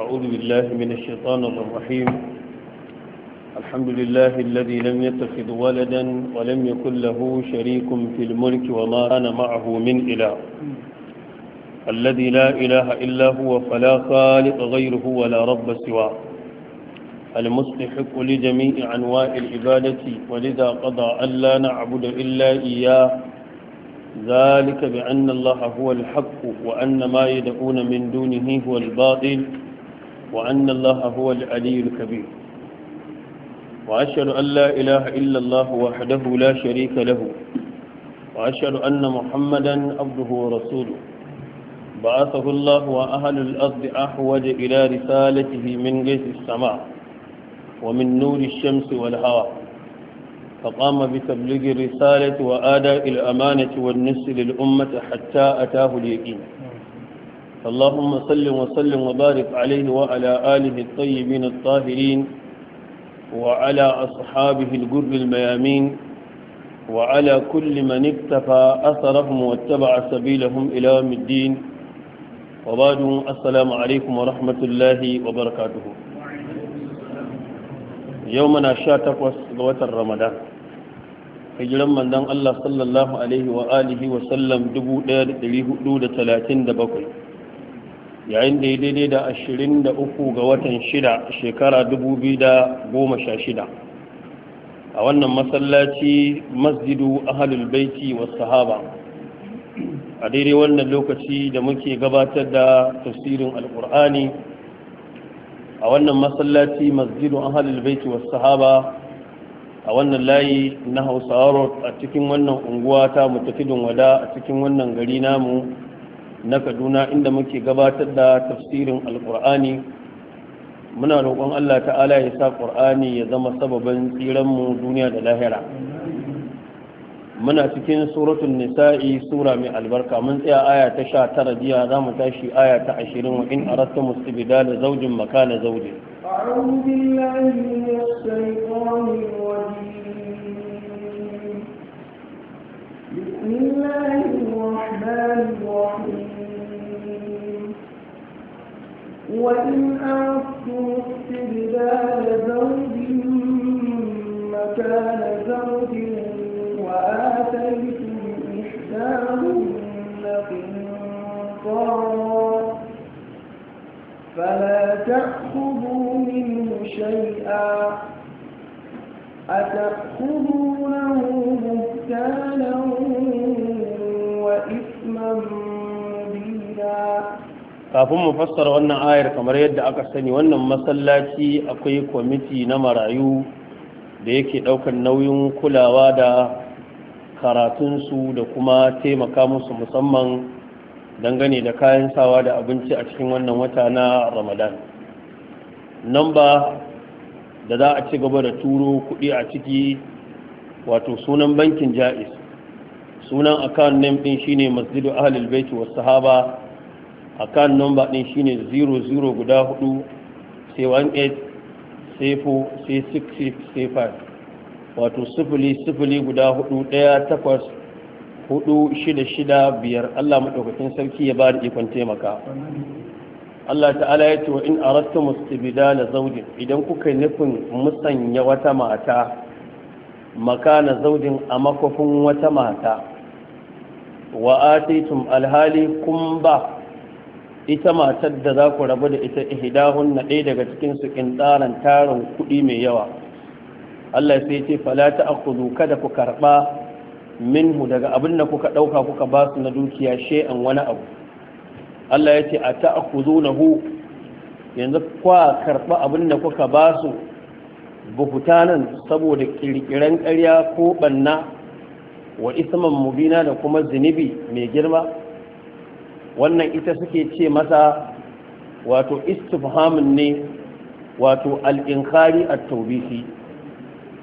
أعوذ بالله من الشيطان الرحيم الحمد لله الذي لم يتخذ ولدا ولم يكن له شريك في الملك وما كان معه من إله الذي لا إله إلا هو فلا خالق غيره ولا رب سواه المستحق لجميع أنواع العبادة ولذا قضى ألا نعبد إلا إياه ذلك بأن الله هو الحق وأن ما يدعون من دونه هو الباطل وأن الله هو العلي الكبير وأشهد أن لا إله إلا الله وحده لا شريك له وأشهد أن محمدا عبده ورسوله بعثه الله وأهل الأرض أحوج إلى رسالته من جيش السماء ومن نور الشمس والهواء فقام بتبليغ الرسالة وآداء الأمانة والنسل للأمة حتى أتاه اليقين اللهم صل وسلم وبارك عليه وعلى آله الطيبين الطاهرين وعلى أصحابه الجر الميامين وعلى كل من اكتفى أثرهم واتبع سبيلهم إلى يوم الدين وبعد السلام عليكم ورحمة الله وبركاته يومنا شاتك وسقوة الرمضان الله manzon Allah sallallahu alaihi wa alihi wa sallam 1437 yayin da ya daidai da ashirin da uku ga watan shida shekara dubu biyu da goma sha shida a wannan masallaci masjidu ahalul baiti wa sahaba a daidai wannan lokaci da muke gabatar da tafsirin alkur'ani a wannan masallaci masjidu ahalul baiti wa sahaba a wannan layi na hausawa a cikin wannan unguwa ta mutafidin wada a cikin wannan gari namu na kaduna inda muke gabatar da tafsirin alkur'ani muna roƙon allah ta'ala ya sa ƙur'ani ya zama sababin tsiranmu duniya da lahira muna cikin suratun nisa'i sura mai albarka mun tsaya aya ta sha tara jiya za mu tashi aya ta ashirin wa in aratta mustibida da zaujin makana zaujin بسم الله الرحمن الرحيم وإن أردتم استبدال زوج مكان زوج وآتيتم إحداهن قنطارا فلا تأخذوا منه شيئا أتأخذونه بهتانا وإثما مبينا kafin mu fassara wannan ayar kamar yadda aka sani wannan masallaci akwai kwamiti na marayu da yake ɗaukar nauyin kulawa da karatunsu da kuma taimaka musu musamman dangane da kayan sawa da abinci a cikin wannan wata na ramadan Nan ba da za a ci gaba da turo kuɗi a ciki wato sunan bankin ja'is sunan akan name ɗin shine masjidu ahlul baiti was sahaba akan nomba din shine 00 guda 4 sai 18 sai 4 sai 66 sai 5 wato 00 guda 4 1 8 4 6 6 biyar Allah madaukakin sarki ya ba da ikon taimaka Allah ta'ala ya ce wa in aradtum istibdala zawjin idan kuka nufin musanya wata mata makana zaujin a makofin wata mata wa ataitum alhali kun ba ita matar da za ku rabu da ita ihdahun na ɗaya daga cikin su in tsaran tarin kuɗi mai yawa Allah sai ce fala ta kada ku karɓa minhu daga abin da kuka ɗauka kuka ba su na dukiya she'an wani abu Allah ya ce a ta akudu na hu yanzu kwa karɓa abin da kuka ba su buhutanan saboda ƙirƙiran ƙarya ko ɓanna wa isman mubina da kuma zunubi mai girma wannan ita suke ce masa wato istifhamun ne wato al'inkari a taubisi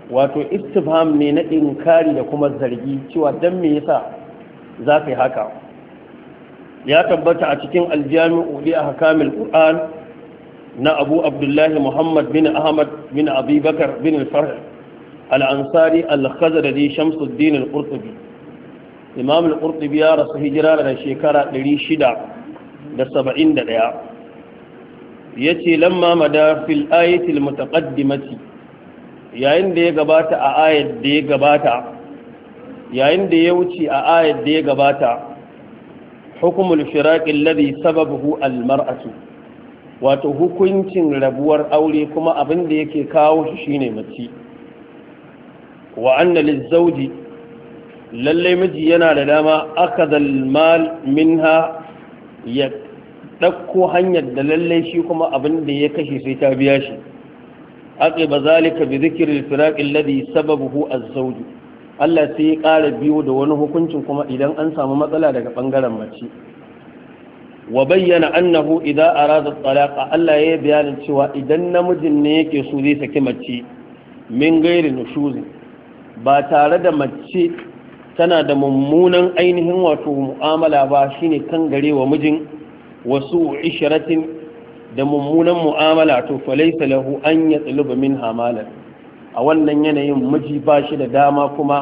wato istifham ne na inkari da kuma zargi cewa don me yasa za ka yi haka ya tabbata a cikin aljami'u uri a hakamil ƙur'an na abu abdullahi muhammad bin ahmad bin abubakar bin al-farh al-ansari da shamsuddin al imam al-qurtubi ya rasu hijira da shekara 671 yace lamma mada fil ayati al-mutaqaddimati yayin da ya gabata a ayat da ya gabata yayin da ya wuce a ayat da ya gabata hukumul firaqi alladhi sababuhu al-mar'atu wato hukuncin rabuwar aure kuma abin da yake kawo shi shine mace wa anna liz lallai miji yana da dama aka mal minha ya ɗauko hanyar da lallai shi kuma abin da ya kashe sai ta biya shi aka ba zalika bi zikirin firaƙin ladi a azzauju Allah sai ya ƙara biyo da wani hukuncin kuma idan an samu matsala daga ɓangaren mace wa bayyana annahu idza arada talaqa Allah ya bayyana cewa idan namijin ne yake so zai saki mace min gairi nushuzi ba tare da mace tana da mummunan ainihin wato mu'amala ba shine kan gare wa mijin wasu isharatin da mummunan mu'amala to falaisa lahu an ya tsaluba min hamala a wannan yanayin miji ba shi da dama kuma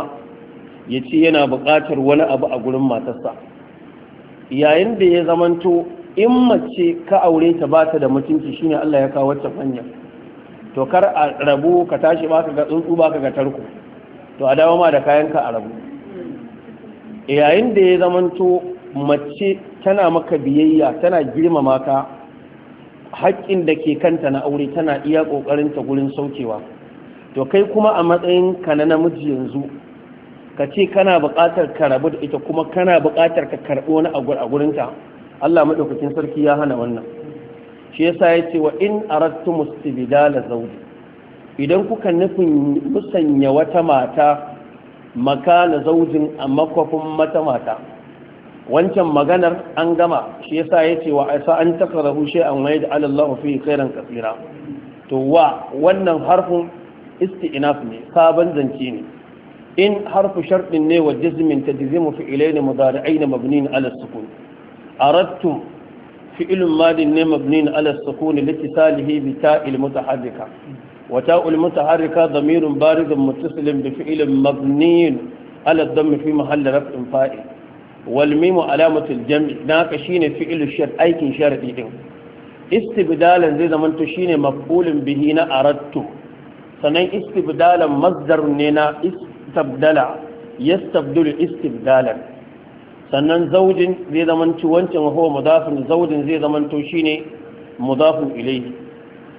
ya ce yana buƙatar wani abu a gurin matarsa yayin da ya zamanto in mace ka aure ta ba ta da mutunci shine Allah ya kawo wacce hanya to kar a rabu ka tashi ba ka ga tsuntsu ba ka ga tarko to a dawo ma da kayanka a rabu yayin da ya zamanto mace tana maka biyayya tana girmama ka haƙƙin da ke kanta na aure tana iya ƙoƙarinta gurin saukewa to kai kuma a matsayin ka na namiji yanzu ka ce kana buƙatar ka rabu da ita kuma kana buƙatar ka karɓo wani a gurinta Allah maɗaukacin sarki ya hana wannan shi yasa ya ce wa in arattu mustibidala zawji idan kuka nufin musanya wata mata makana zaujin a makwafin mata mata wancan maganar an gama shi yasa ya ce wa asa an takarahu shi an waye da alallahu fi khairan kasira to wa wannan harfin isti'naf ne sabon zance ne in harfu sharɗin ne wa jazmin tajzimu fi'ilaini mudari'aini mabniin ala sukun aradtum fi'ilun madin ne mabniin ala sukun litisalihi bi ta'il mutahaddika وتاء المتحركة ضمير بارد متصل بفعل مبني على الضم في محل رفع فائل والميم علامة الجمع ناقشين فعل الشر أيك شرعي استبدالا زي زمان تشين مفعول به أردت sannan istibdalan masdar ne na istabdala yastabdulu sannan zaujin zai zamanci wancan huwa mudafin zaujin zai zamanto shine mudafin ilayhi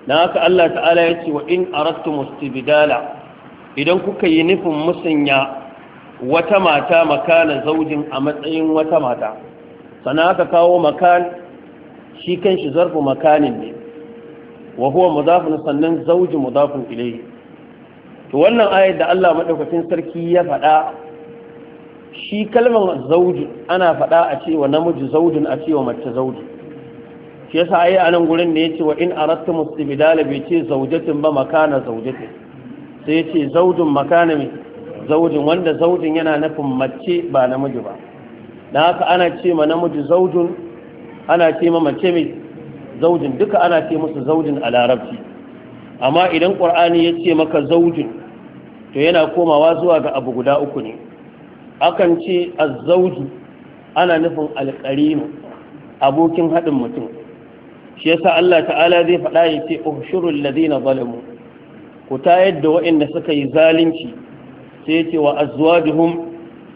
na haka Allah ta'ala ya ce wa in arattu mustibidala idan kuka yi nufin musanya wata mata makana zaujin a matsayin wata mata sana aka kawo makan shi kan shi zarfu makanin ne wa huwa mudafin sannan zauji mudafin ilayhi to wannan ayar da Allah madaukakin sarki ya faɗa shi kalmar zauji ana faɗa a cewa namiji zaujin a cewa mace zauji shi yasa ai a nan gurin ne yace wa in aratta mustibdala bi ce zaujatin ba makana zaujati sai yace zaujun makana mi zaujin wanda zaujin yana nufin mace ba namiji ba dan haka ana ce ma namiji zaujun ana ce ma mace mai zaujin duka ana ce musu zaujin a larabci amma idan qur'ani yace maka zaujin to yana komawa zuwa ga abu guda uku ne akan ce az-zawju ana nufin alƙarinu abokin haɗin mutum shi yasa Allah ta'ala zai faɗa ya ce uhshurul ladina zalamu ku tayar da waɗanda suka yi zalunci sai ce wa azwajuhum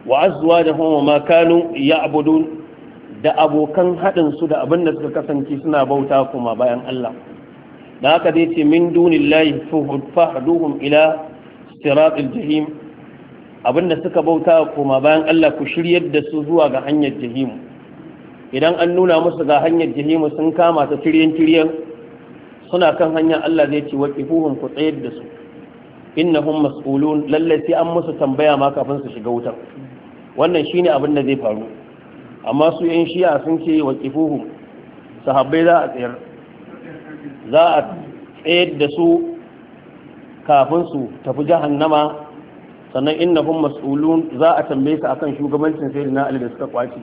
wa azwajuhum wa ma kanu ya'budun da abokan haɗin su da abin da suka kasance suna bauta kuma bayan Allah da haka zai ce min dunillahi fahduhum ila siratil jahim abin da suka bauta kuma bayan Allah ku shiryar da su zuwa ga hanyar jahimu idan an nuna musu ga hanyar jihimu sun kama ta kiryan-kiryan, suna kan hanyar Allah zai ce huhun ku tsayar da su innahum mas'ulun lallai sai an musu tambaya ma kafin su shiga wutar wannan shine abin da zai faru amma su yan shi'a sun ce waqifuhum sahabbai za a tsayar za a tsayar da su kafin su tafi jahannama sannan inna masu mas'ulun za a tambaye su akan shugabancin sayyidina Ali da suka kwace.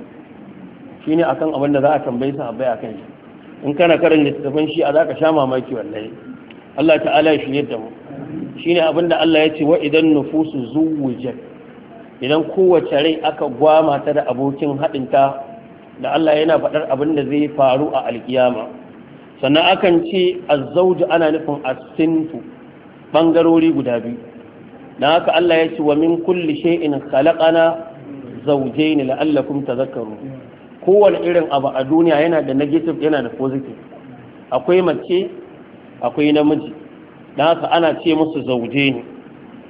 a akan abin da za a tambayi a kan shi in kana karin littattafan shi a ka sha mamaki wallahi Allah ta'ala ya shirye da mu ne abin da Allah ya ce wa idan nufusu zuwujat idan kowace rai aka gwama ta da abokin haɗin ta da Allah yana faɗar abin da zai faru a alkiyama sannan akan ce azzauju ana nufin asintu bangarori guda biyu dan haka Allah ya ce wa min kulli shay'in khalaqana zawjayn la'allakum tadhakkarun kowane irin abu a duniya yana da negative yana da positive akwai mace akwai namiji da haka ana ce musu zauje ne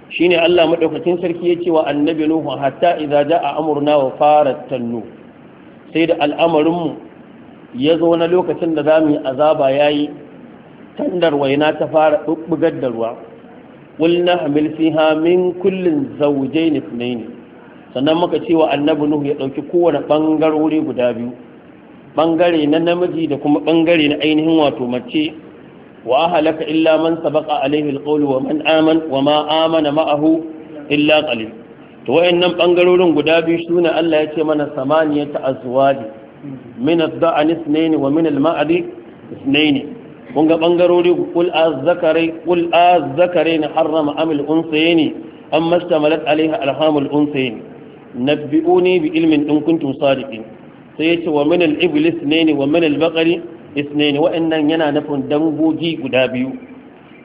shine Allah madaukakin sarki ya ce wa annabi nuhu hatta idza jaa amruna wa farat tannu sai da al'amarin mu ya zo na lokacin da zamu yi azaba yayi tandar waina ta fara bubbugar da ruwa qulna hamil fiha min kullin zawjayn ithnayn sannan muka ce wa annabi nuhu ya ɗauki kowane ɓangarori guda biyu ɓangare na namiji da kuma ɓangare na ainihin wato mace wa ahalaka illa man sabaqa alaihi alqawlu wa man aman wa ma amana ma'ahu illa qalil to wayannan bangarorin guda biyu sune Allah ya ce mana samaniyat azwaji min ad-da'an ithnayn wa min al-ma'di ithnayn kun ga bangarori kul az-zakari kul az-zakarayn harrama am al-unsayni amma istamalat alaiha alhamul unsayni nabbi'uni bi ilmin in kuntum sadiqin sai yace wa min al-iblis ne wa min al-baqari isnayn wa'annan yana nufin dangogi guda biyu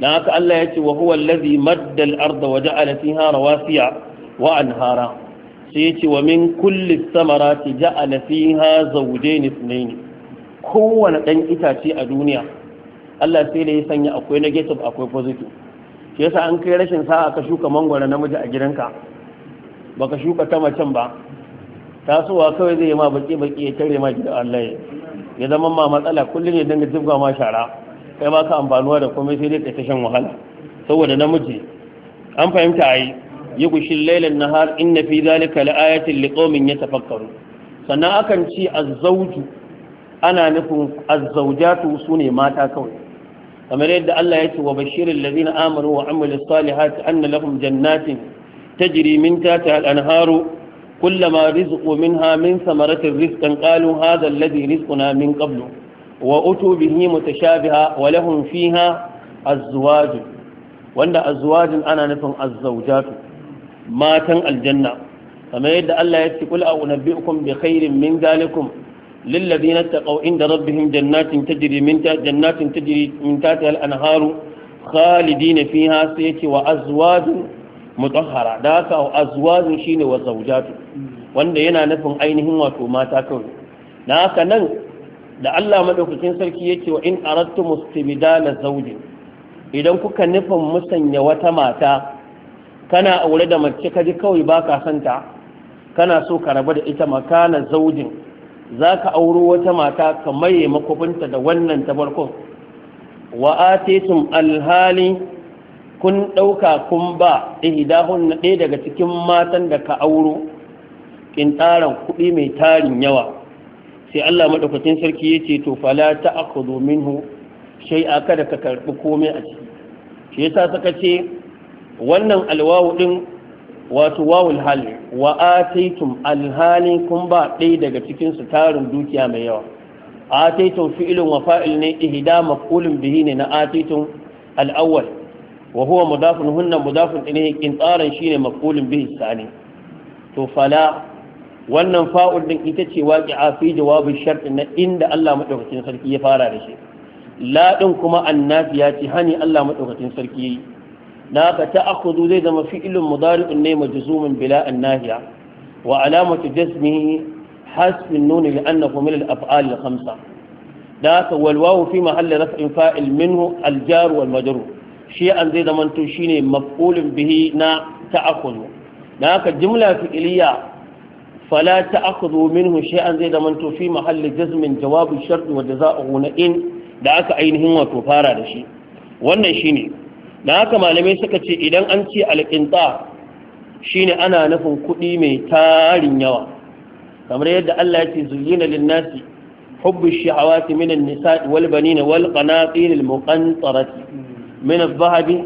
dan haka Allah yace wa huwa allazi madda al-arda wa ja'ala fiha rawasiya wa anhara sai yace wa min kulli samarati ja'ala fiha zawjayn isnayn kowane dan itace a duniya Allah sai da ya sanya akwai negative akwai positive shi yasa an kai rashin sa'a ka shuka mangwaro namiji a gidanka baka shuka ta macen ba tasowa kawai zai yi ma baki baki ya tare ma gida Allah ya zama ma matsala kullum ya dinga jibga ma shara kai ba ka amfanuwa da komai sai dai wahala saboda namiji an fahimta ayi yi gushin lailan nahar inna fi zalika la'ayatin liqaumin yatafakkaru sannan akan ci azzauju ana nufin azzaujatu sune mata kawai kamar yadda Allah ya ce wa bashirin ladina amanu wa amilus salihati anna lahum jannatin تجري من تحتها الأنهار كلما رزقوا منها من ثمرة رزقا قالوا هذا الذي رزقنا من قبل وأتوا به متشابها ولهم فيها أزواج وأن أزواج أنا نفهم الزوجات ماتا الجنة كما يدى الله يتقل أو نبئكم بخير من ذلكم للذين اتقوا عند ربهم جنات تجري من جنات تجري من تحتها الأنهار خالدين فيها سيتي وأزواج mutahara da haka azwajun shine wa zawjatu wanda yana nufin ainihin wato mata kawai da haka nan da Allah madaukakin sarki yake wa in aradtum istibdala zawji idan kuka nufin musanya wata mata kana aure da mace kaji kawai baka santa kana so ka raba da ita makana zaujin zaka auro wata mata ka maye makofinta da wannan ta barkon wa atitum alhali kun ɗauka kun ba ihdahun na ɗaya daga cikin matan da ka auro ƙintaran kuɗi mai tarin yawa sai Allah maɗaukacin sarki ya ce to fala ta aka hu shai aka da ka karɓi komai a ciki shi sa saka ce wannan alwawu ɗin wato wawul hali wa ataitum alhali kun ba ɗaya daga cikin su tarin dukiya mai yawa ataitum fi'ilin wa fa'il ne ihda maf'ulun bihi ne na ataitum al'awwal wa huwa mudafun hunna mudafun ilayhi qintaran shine maqulun bihi sani to fala wannan fa'ul din ita ce waqi'a fi jawabin shart na inda Allah madaukakin sarki ya fara da shi la din kuma ya ce hani Allah madaukakin sarki na ka ta'khudhu zai zama fi'lun mudari'un ne majzumun bila annahiya wa alamatu jazmihi حذف النون لأنه من الأفعال الخمسة ذاك والواو في محل رفع فاعل منه الجار والمجرور an zai shi ne mafulin bihi na ta'akhudhu dan haka jumla fi'liya فلا تأخذوا منه شيئا زي ده من في محل جزم جواب الشرط وجزاؤه na in da aka ainihin wato fara da shi wannan ne, da haka malamai suka ce idan an ce alƙinta ne ana nufin kuɗi mai tarin yawa kamar yadda Allah ya ce zuyina linnasi hubbu ash-shahawati minan nisa'i wal banina wal qanatir muqantarati min az-zahabi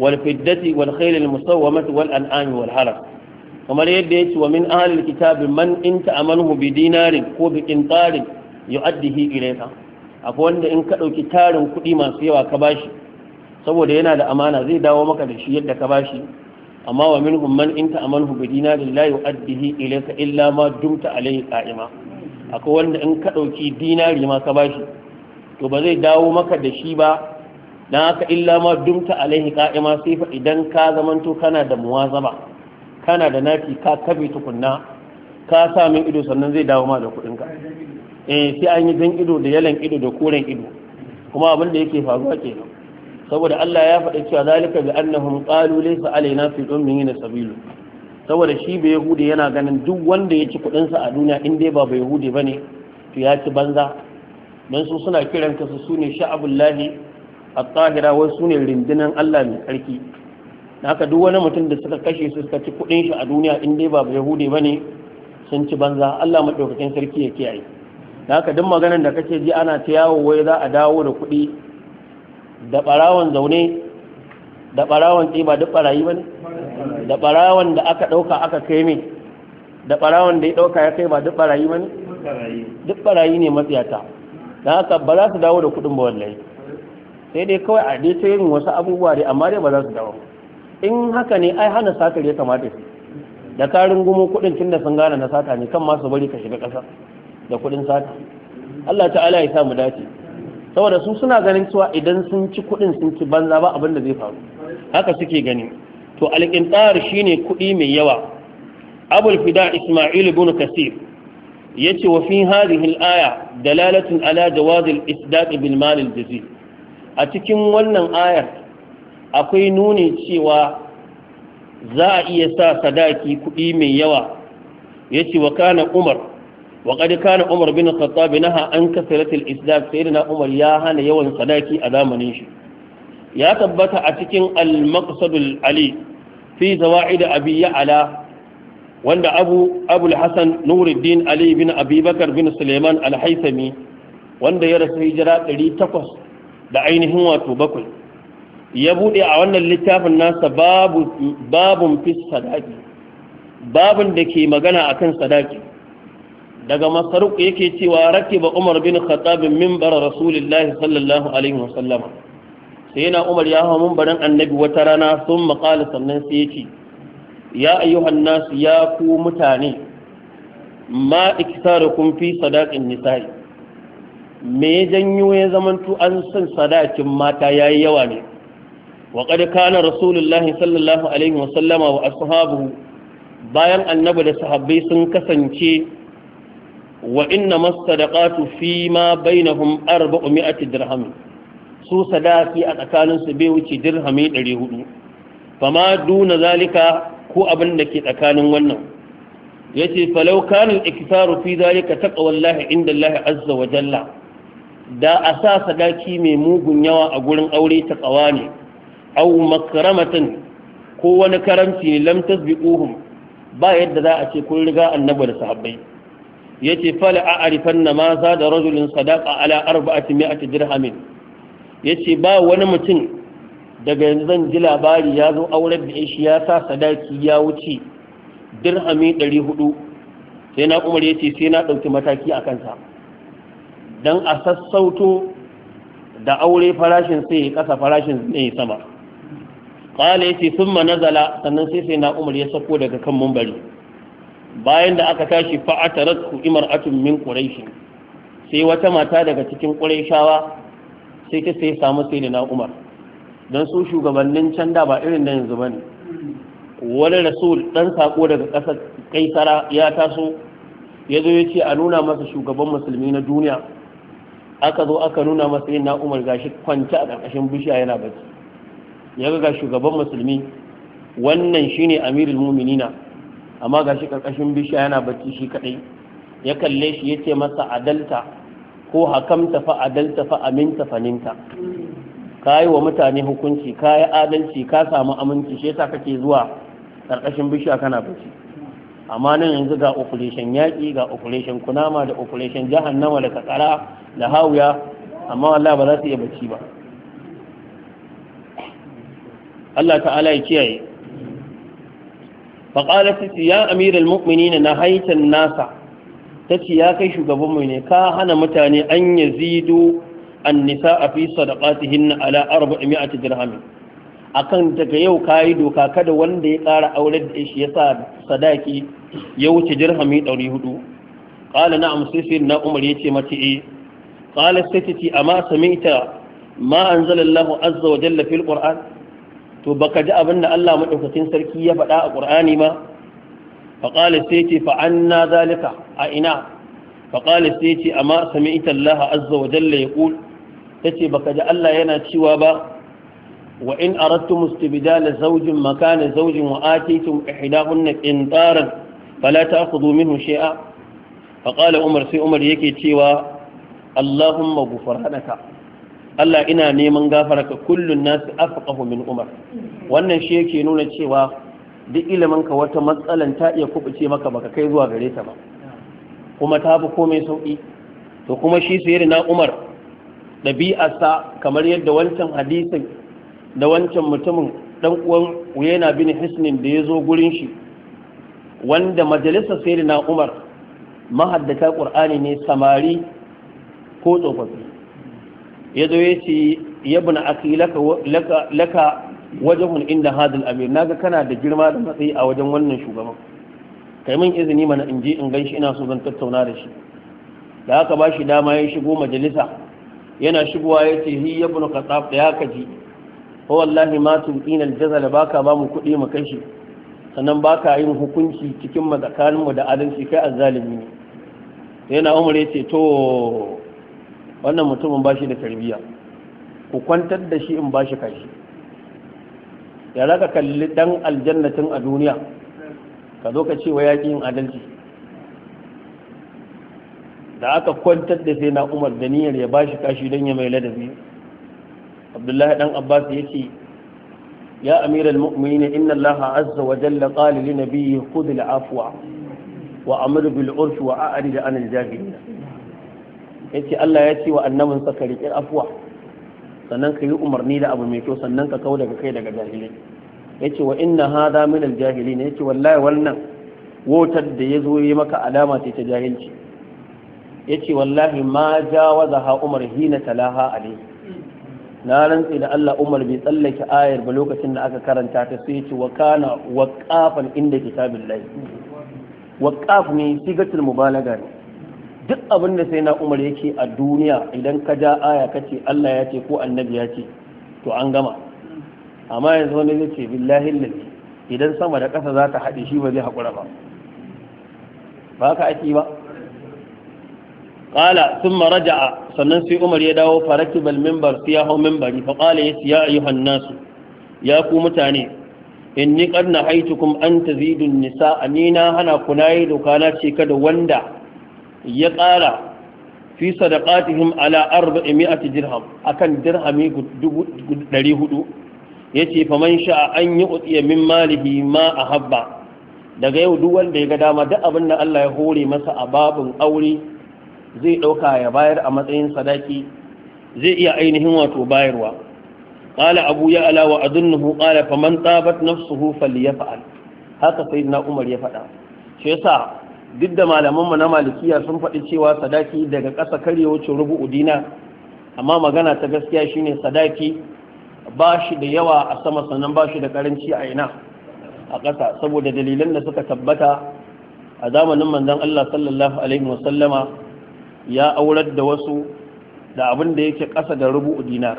wal fiddati wal khayl al musawwamati wal an'ami wal harab kamar yadda ya ce wa min ahli al-kitabi man in ta'amalahu bi dinarin ko bi qintarin yu'addihi ilayka akwai wanda in ka dauki tarin kuɗi masu yawa ka bashi saboda yana da amana zai dawo maka da shi yadda ka bashi amma wa minhum man in ta'amanhu bi dinarin la yu'addihi ilayka illa ma dumta alayhi qa'ima akwai wanda in ka dauki dinari ma ka bashi to ba zai dawo maka da shi ba dan haka illa ma dumta alaihi qa'ima sai fa idan ka zamanto kana da muwazaba kana da nafi ka kabe tukunna ka sa min ido sannan zai dawo ma da kudin ka eh sai an yi dan ido da yalan ido da koren ido kuma abin da yake faruwa kenan saboda Allah ya faɗa cewa zalika bi annahum qalu laysa alaina fi ummin sabilu saboda shi bai yahudi yana ganin duk wanda ya ci kuɗinsa a duniya in dai ba bai yahudi ba ne to ya ci banza don su suna kiran kasu su ne sha'abullahi al tahira wai sune rindinan Allah mai tsarki haka duk wani mutum da suka kashe su suka ci kudin shi a duniya in dai ba yahudi bane sun ci banza Allah madaukakin sarki ya kiyaye haka duk maganar da kace ji ana ta yawo wai za a dawo da kuɗi da barawon zaune da ke ba duk barayi bane da barawon da aka dauka aka kai mai da barawon da ya dauka ya kai ba duk barayi bane duk barayi ne matsiyata dan haka ba za su dawo da kuɗin ba wallahi sai dai kawai a dai ta yin wasu abubuwa dai amma dai ba za su dawo in haka ne ai hana satar ya kamata su da karin gumo kudin tun da sun gane na sata ne kan masu bari ka shiga ƙasa da kudin sata Allah ta'ala ya sa mu dace saboda su suna ganin cewa idan sun ci kudin sun ci banza ba abin da zai faru haka suke gani to alƙintar shine kudi mai yawa abul fida isma'il ibn kasir yace wa fi hadhihi al-aya dalalatun ala jawazil al-isdaq bil mal al-jazil a cikin wannan ayar akwai nuni cewa za a iya sa sadaki kuɗi mai yawa ya ce wa kana umar wa ƙadi kana umar bin khattabi naha an kasiratul islam sai na umar ya hana yawan sadaki a zamanin shi ya tabbata a cikin al-maqsadul ali fi zawa'id abi ya'la wanda abu abul hasan nuruddin ali bin abubakar bin suleiman al-haythami wanda ya rasu hijira 800 da ainihin wato bakwai ya buɗe a wannan littafin nasa babun fi sadaki babun da ke magana akan sadaki daga masaruk yake cewa rakiba umar bin khattabin mimbar rasulullahi sallallahu alaihi wasallama sai yana umar ya hawa mimbarin annabi wata rana sun maƙala sannan sai ya ce ya ayyuhan nasu ya ku mutane ma kun fi sadakin nisa'i me ya janyo ya zamantu an san sadakin mata yayi yawa ne wa qad kana rasulullahi sallallahu alaihi wa sallama wa ashabuhu bayan annabi da sahabbai sun kasance wa inna masadaqatu fi ma bainahum 400 dirham su sadaki a tsakaninsu bai wuce dirhami 400 ma duna zalika ko abin da ke tsakanin wannan yace falau kana al-iktaru fi zalika taqwa inda Allah azza wa jalla da a sa sadaki mai mugun yawa a gurin aure ta tsawa ne au makaramatan ko wani karamci bi tasbiquhum ba yadda za a ce kun riga annabi da sahabbai yace fala a'rifan na ma za da rajulin sadaka ala arba'ati mi'ati dirhamin ce, ba wani mutum daga yanzu zan ji labari ya zo aure da shi ya sa sadaki ya wuce dirhami hudu, sai na umar ya ce sai na ɗauki mataki a kansa don a sassauto da aure farashin sai ya kasa farashin ne sama ƙwale ce sun manazala sannan sai sai na umar ya sako daga kan mumbari bayan da aka tashi fa'atarat ratu, imar atun min ƙuraishi sai wata mata daga cikin ƙuraishawa sai ta sai samu sai da na umar don su shugabannin can da ba irin da yanzu ba ne wani rasul ɗan sako daga ƙasar kaisara ya taso ya zo ya ce a nuna masa shugaban musulmi na duniya aka zo aka nuna masa yin na umar gashi kwanci a ƙarƙashin bishiya yana bacci ya ga shugaban musulmi wannan shine amirul muminina amma gashi ƙarƙashin bishiya yana bacci shi kaɗai ya kalle shi ya ce masa adalta ko hakamta fa adalta fa aminta fa ninta ka yi wa mutane hukunci ka yi adalci ka samu aminci shi yasa kake zuwa ƙarƙashin bishiya kana bacci amma nan yanzu ga operation yaƙi ga operation kunama da operation jahannama da kakara da hawuya amma Allah ba za su iya bacci ba Allah ta'ala ya kiyaye faƙalar sisi ya amiral mukmini na haitan nasa ta ce ya kai shugaban shugabanmu ne ka hana mutane an yazidu an nisa a fi sadaqatihin ala arba'a mi'ati dirhamin akan daga yau ka yi doka kada wanda ya ƙara aure da shi ya sa sadaki ya wuce dirhami ɗari hudu ƙala na amsisi na umar ya ce mace e eh. ƙala sai ta ce amma ita ma an zalallahu azza wa jalla fil qur'an to baka ji abin da Allah madaukakin sarki ya faɗa a ƙur'ani ma fa ƙala sai ce fa na zalika a ina fa ƙala sai ce amma ita Allah azza wa jalla ya qul tace baka ji Allah yana cewa ba وإن أردتم استبدال زوج مكان زوج وآتيتم إحداهن إنطارا فلا تأخذوا منه شيئا Umar, sai Umar yake cewa, تيوا اللهم غفرانك Allah ina neman gafaraka kullun nasu afqahu min Umar wannan shi yake nuna cewa duk ilimin ka wata matsalar ta iya kubuce maka baka kai zuwa gare ta ba kuma ta fi komai sauƙi. to kuma shi da na Umar ɗabi'a sa kamar yadda wancan hadisin da wancan mutumin dan uwan uyena bin hisnin da ya zo gurin shi wanda majalisar sayyidina umar mahaddata ƙur'ani ne samari ko tsofaffi ya zo ya ce yabna laka laka wajhun inda hadin amir naga kana da girma da matsayi a wajen wannan shugaban kai min izini mana in je in ganshi ina so zan tattauna da shi da haka ba shi dama ya shigo majalisa yana shigowa yace ce hi ya da ya kaji ko wallahi ma tulqina aljazala baka ba mu kuɗi mu kashi sannan baka yin hukunci cikin mu da adalci kai azzalimi ne yana umar yace to wannan mutumin ba shi da tarbiyya ku kwantar da shi in ba shi kashi ya ka kalli dan aljannatin a duniya ka zo ka ce wa yaƙi adalci da aka kwantar da sai na umar da niyyar ya ba shi kashi don ya mai ladabi abdullahi dan abbas ya ce ya amiral mu'minin inna allaha azza wa jalla qala li nabiyyi khudh al-afwa wa amr bil urf wa a'rid an al-jahilin yace Allah ya ce wa annabin sa ka riƙi afwa sannan ka yi umarni da abu mai kyau sannan ka kau daga kai daga jahilai yace wa inna hadha min al-jahilin yace wallahi wannan wotar da ya zo yi maka alama ce ta jahilci yace wallahi ma jawaza ha umar hina talaha alayhi na rantsi da Allah Umar bai tsallake ayar ba lokacin da aka karanta ta sai ce wa kana waqafan inda kitabillahi waqaf ne sigatul mubalaga ne duk abin da sai na Umar yake a duniya idan ka ja aya kace Allah ya ce ko annabi ya ce to an gama amma yanzu wani zai ce billahi lillahi idan sama da ƙasa za ta haɗe shi ba zai haƙura ba ba ka ake ba qala thumma raja'a sannan sai Umar ya dawo farakibal minbar sai ya hau minbari fa qala ya siya ayyuhan nas ya ku mutane inni qad nahaitukum an tazidu an-nisa ni na hana ku nayi doka na ce da wanda ya ƙara fi sadaqatihim ala arba'imi'ati dirham akan dirhami 400 yace fa man sha'a an yu'tiya min malihi ma ahabba daga yau duk wanda ya ga dama duk abin da Allah ya hore masa a babun aure zai ɗauka ya bayar a matsayin sadaki zai iya ainihin wato bayarwa ƙala abu ya ala wa adunnuhu ƙala fa man tsabat ya fa’al haka sai na umar ya faɗa shi yasa duk da malamanmu na malikiya sun faɗi cewa sadaki daga ƙasa karya wuce rubu'u dina amma magana ta gaskiya shine sadaki ba shi da yawa a sama sannan ba shi da ƙaranci a ina a ƙasa saboda dalilan da suka tabbata a zamanin manzon Allah sallallahu alaihi wasallama ya aurar da wasu da abin da yake ƙasa da rubu dinar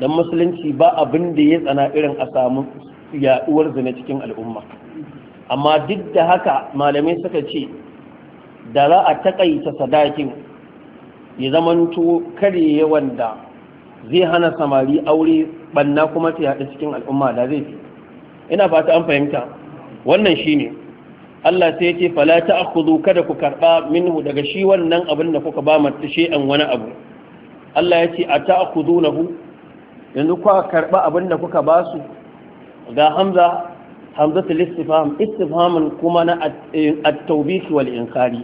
don musulunci ba abin da ya tsana irin a samu yaɗuwar zina cikin al'umma amma duk da haka malamai suka ce da za a taƙaita sadakin ya zamanto kare yawan da zai hana samari aure banna kuma ta yaɗa cikin al'umma da zai fi ina fata an fahimta wannan shine Allah sai yake fala akudu kada ku karba minhu daga shi wannan abin da kuka ba mata an wani abu Allah yace ata'khudhunahu yanzu kuka karba abin da kuka ba su ga hamza hamzatul istifham istifhaman kuma na at eh, wal inkari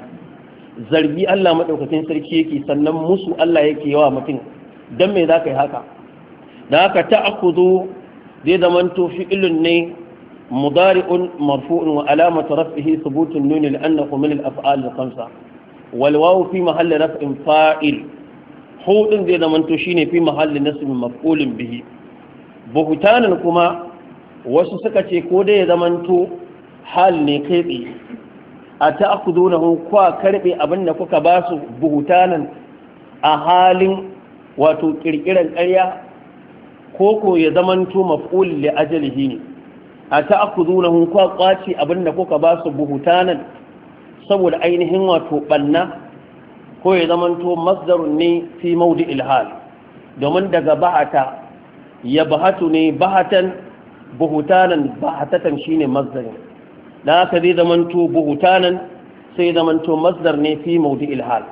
zargi Allah maɗaukacin sarki yake sannan musu Allah yake yawa mutum dan me zaka yi haka da haka akudu zai zamanto fi'ilun ne Muzari'un مرفوع وعلامة رفعه ثبوت النون لأنه من الأفعال الخمسة والواو في محل رفع فاعل حوض زي من تشيني في محل نسب مفعول به بهتان كما wasu suka ce ko dai ya zamanto hal ne kai tsaye a ta aku zuna kwa karbe abin da kuka ba su buhutanan a halin wato kirkiran karya ko ko ya zamanto mafulli ajalihi ne a ta'khudunahum kwa kwaci abinda kuka ba su buhutanan saboda ainihin wato banna ko ya zamanto masdarun ne fi maudi ilhal domin daga bahata ya bahatu ne bahatan buhutanan bahatatan shine masdarin dan haka zai zamanto buhutanan sai zamanto mazdar ne fi maudi ilhal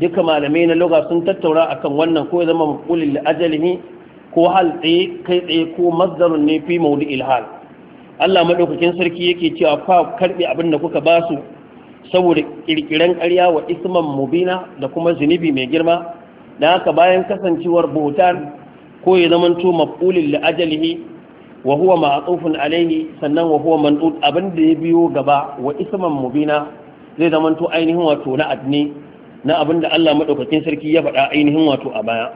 duka malamai na loga sun tattaura akan wannan ko ya zama maqulil ajalihi ko hal tsaye kai tsaye ko masdarun ne fi maudi ilhal Allah madaukakin sarki yake cewa fa karɓe abin da kuka ba su saboda kirkiran ƙarya wa isman mubina da kuma zunubi mai girma da haka bayan kasancewar bautar ko ya zamanto maf'ulin li ajalihi wa huwa ma'tufun alayhi sannan wa huwa mandud abin da ya biyo gaba wa isman mubina zai zamanto ainihin wato na adni na abin da Allah madaukakin sarki ya faɗa ainihin wato a baya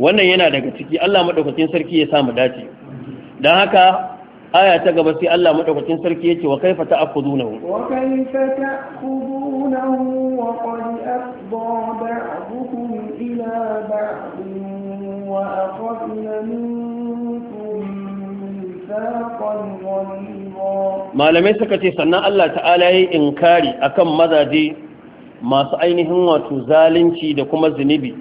wannan yana daga ciki Allah madaukakin sarki ya sa mu dace don haka aya ta gaba sai Allah madaukakin sarki yake wa kaifa ta'khudunahu wa kaifa ta'khudunahu wa qad afda ba'dukum ila ba'din wa aqadna malamai suka ce sannan Allah ta'ala ya yi inkari akan mazaje masu ainihin wato zalunci da kuma zunubi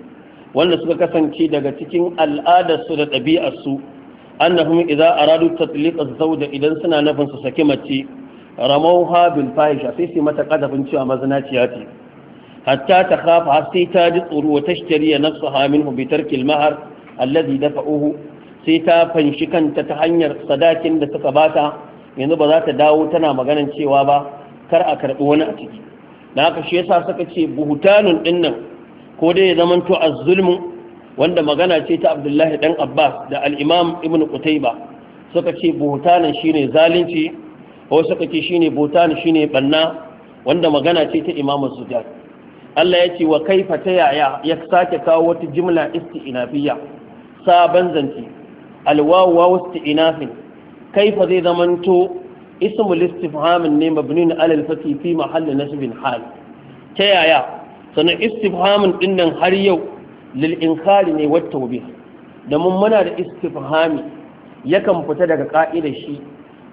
wanda suka kasance daga cikin al'adarsu da ɗabi'arsu annahum idza aradu tatliqa zawja idan suna nufin su saki mace ramauha bil fahisha sai su mata kadafin cewa mazinaciya ce hatta ta khafa har sai ta ji tsoro wa tashtariya nafsaha minhu bi tarkil mahar alladhi dafa'uhu sai ta fanshi kanta ta hanyar sadakin da suka bata yanzu ba za ta dawo tana maganan cewa ba kar a karbi wani a ciki na haka shi yasa suka ce buhutanun dinnan ko dai ya zamanto az-zulmu wanda magana ce ta abdullahi dan abbas da al'imam ibn qutayba suka ce botanin shine zalunci ko suka ce shine botanin shine banna wanda magana ce ta imam sujjad Allah ya ce wa kaifa ta yaya ya sake kawo wata jimla isti'nafiyya sabon zance alwawu wa isti'nafin kaifa zai zamanto ismul istifhamin ne mabnin alal fati fi mahalli nasbin hal ta yaya sanan istifhamin nan har yau lil inkari ne wata tawbih da mun muna da istifhami yakan fita daga ƙa'ida shi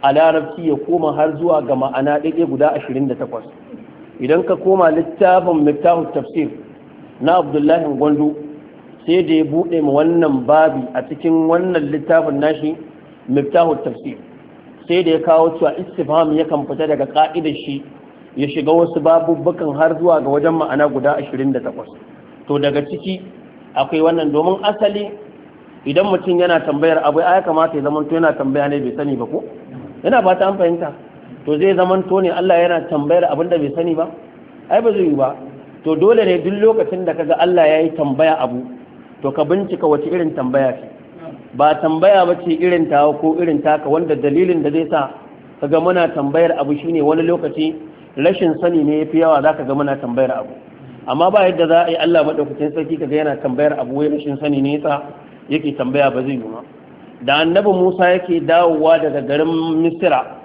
a larabci ya koma har zuwa ga ma'ana ɗaiɗe guda 28 idan ka koma littafin mittahun tafsir na abdullahi gwandu sai da ya buɗe ma wannan babi a cikin wannan littafin nashi mittahun tafsir sai da ya kawo cewa istifham yakan fita daga ƙa'ida shi ya shiga wasu babubbukan har zuwa ga wajen ma'ana guda 28 to daga ciki akwai wannan domin asali idan mutum yana tambayar abu ya kamata ya zamanto yana tambaya ne bai sani ba ko yana ba ta an fahimta to zai zamanto ne Allah yana tambayar abin da bai sani ba ai ba zai yi ba to dole ne duk lokacin da kaga Allah ya yi tambaya abu to ka bincika wace irin tambaya ce ba tambaya ba ce irin ta ko irin taka wanda dalilin da zai sa kaga muna tambayar abu shine wani lokaci rashin sani ne yafi yawa zaka ga muna tambayar abu amma ba yadda za a yi Allah maɗaukacin sarki kaga yana tambayar abu wai rashin sani nesa yake tambaya ba zai yi ba da annabi Musa yake dawowa daga garin Misra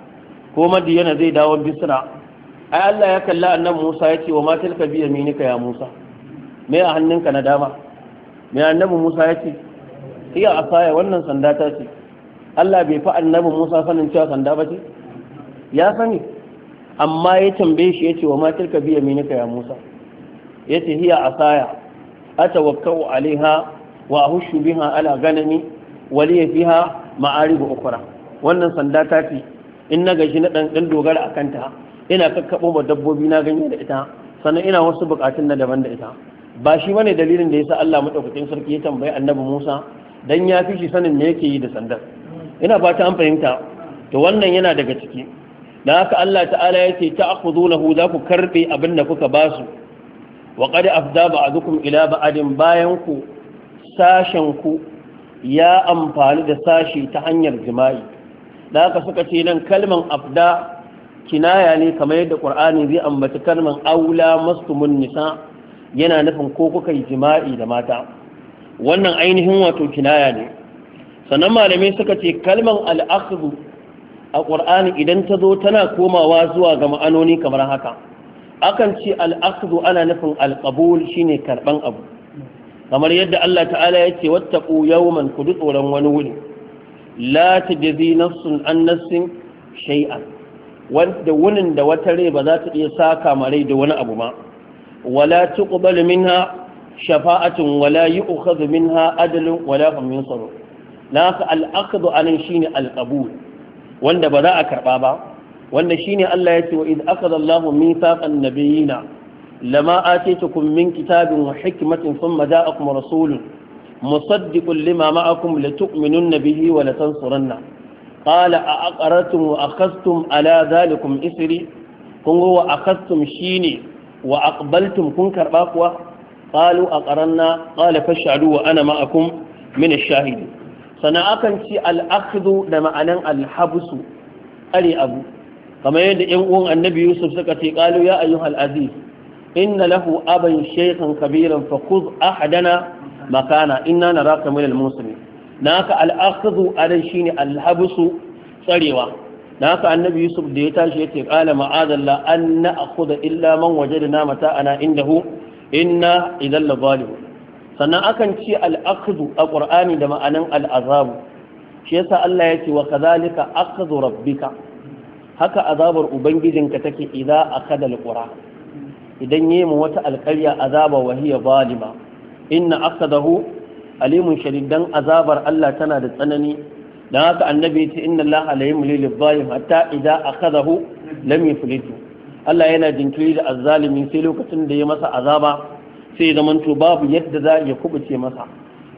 ko Madiyana zai dawo Misra ai Allah ya kalla annabi Musa ya ce wa ma ka biya minika ya Musa me a hannunka na dama me annabi Musa ya ce iya asaya wannan sanda ta ce Allah bai fi annabi Musa sanin cewa sanda ba ce ya sani amma ya tambaye shi ya ce wa ma ka biya minika ya Musa ce hiya a asaya atawakkau alaiha wa ahushu biha ala ganami waliya fiha ma'arib ukra wannan sanda ta ce in na gashi na ɗan dogara akan ta ina kakkaɓo ma dabbobi na ganye da ita sannan ina wasu bukatun na daban da ita ba shi bane dalilin da ya sa Allah madaukakin sarki ya tambayi Annabi Musa dan ya fi shi sanin me yake yi da sandar ina ba ta an fahimta to wannan yana daga ciki da haka Allah ta'ala ya yake ta'khudunahu za ku karbe abin da kuka basu wa qad afda ba'dukum ila ba'din bayan ku sashen ku ya amfani da sashi ta hanyar jima'i da ka suka ce nan kalman afda kinaya ne kamar yadda qur'ani zai ambaci kalman aula mastumun nisa yana nufin ko kuka yi jima'i da mata wannan ainihin wato kinaya ne sannan malamai suka ce kalman al'akhdhu a qur'ani idan ta zo tana komawa zuwa ga ma'anoni kamar haka akan ce al'akdu ana nufin alƙabul shine karɓan abu kamar yadda Allah ta'ala ya ce wattaku yawman ku tsoron wani wuri la tajzi nafsun an nafsin shay'an wanda wunin da wata rai ba za ta iya saka kamarai da wani abu ma wala tuqbal minha shafa'atun wala yu'khadhu minha adalin wala hum yunsaru Na ka al'akdu anan shine alqabul wanda ba za a karɓa ba wanda shine Allah ya ce wa id akhadha Allahu mithaqan nabiyina lama atitukum min kitabin wa hikmatin thumma ja'akum rasulun musaddiqun lima ma'akum litu'minunna bihi wa latansuranna qala a aqartum wa akhadhtum ala dhalikum isri kun wa akhadhtum shine wa aqbaltum kun karba kuwa qalu aqaranna qala fash'alu wa ana ma'akum min ash-shahidin sana ci al-akhdhu da ma'anan al-habsu are abu kamar yadda yan uwan annabi yusuf suka ce qalu ya ayyuhal aziz inna lahu aban shaykhan kabiran fa ahadana makana inna naraka minal muslimin naka al'akazu akhdhu anan shine al tsarewa naka annabi yusuf da ya tashi yace qala ma'adallah an na'khudha illa man wajadna inda hu inna idan la sannan akan ce al a ƙur'ani da ma'anan al'azabu shi yasa Allah ce wa kazalika akhdhu rabbika haka azabar ubangijinka take idza akada alqura idan yayi wata alƙarya azaba wa hiya zalima inna aqadahu alimun shadidan azabar Allah tana da tsanani dan haka annabi ya ce inna Allah alayhim lil zalim hatta idza akadahu lam yuflitu Allah yana jinkiri da azzalimi sai lokacin da ya masa azaba sai zaman to babu yadda za ya kubuce masa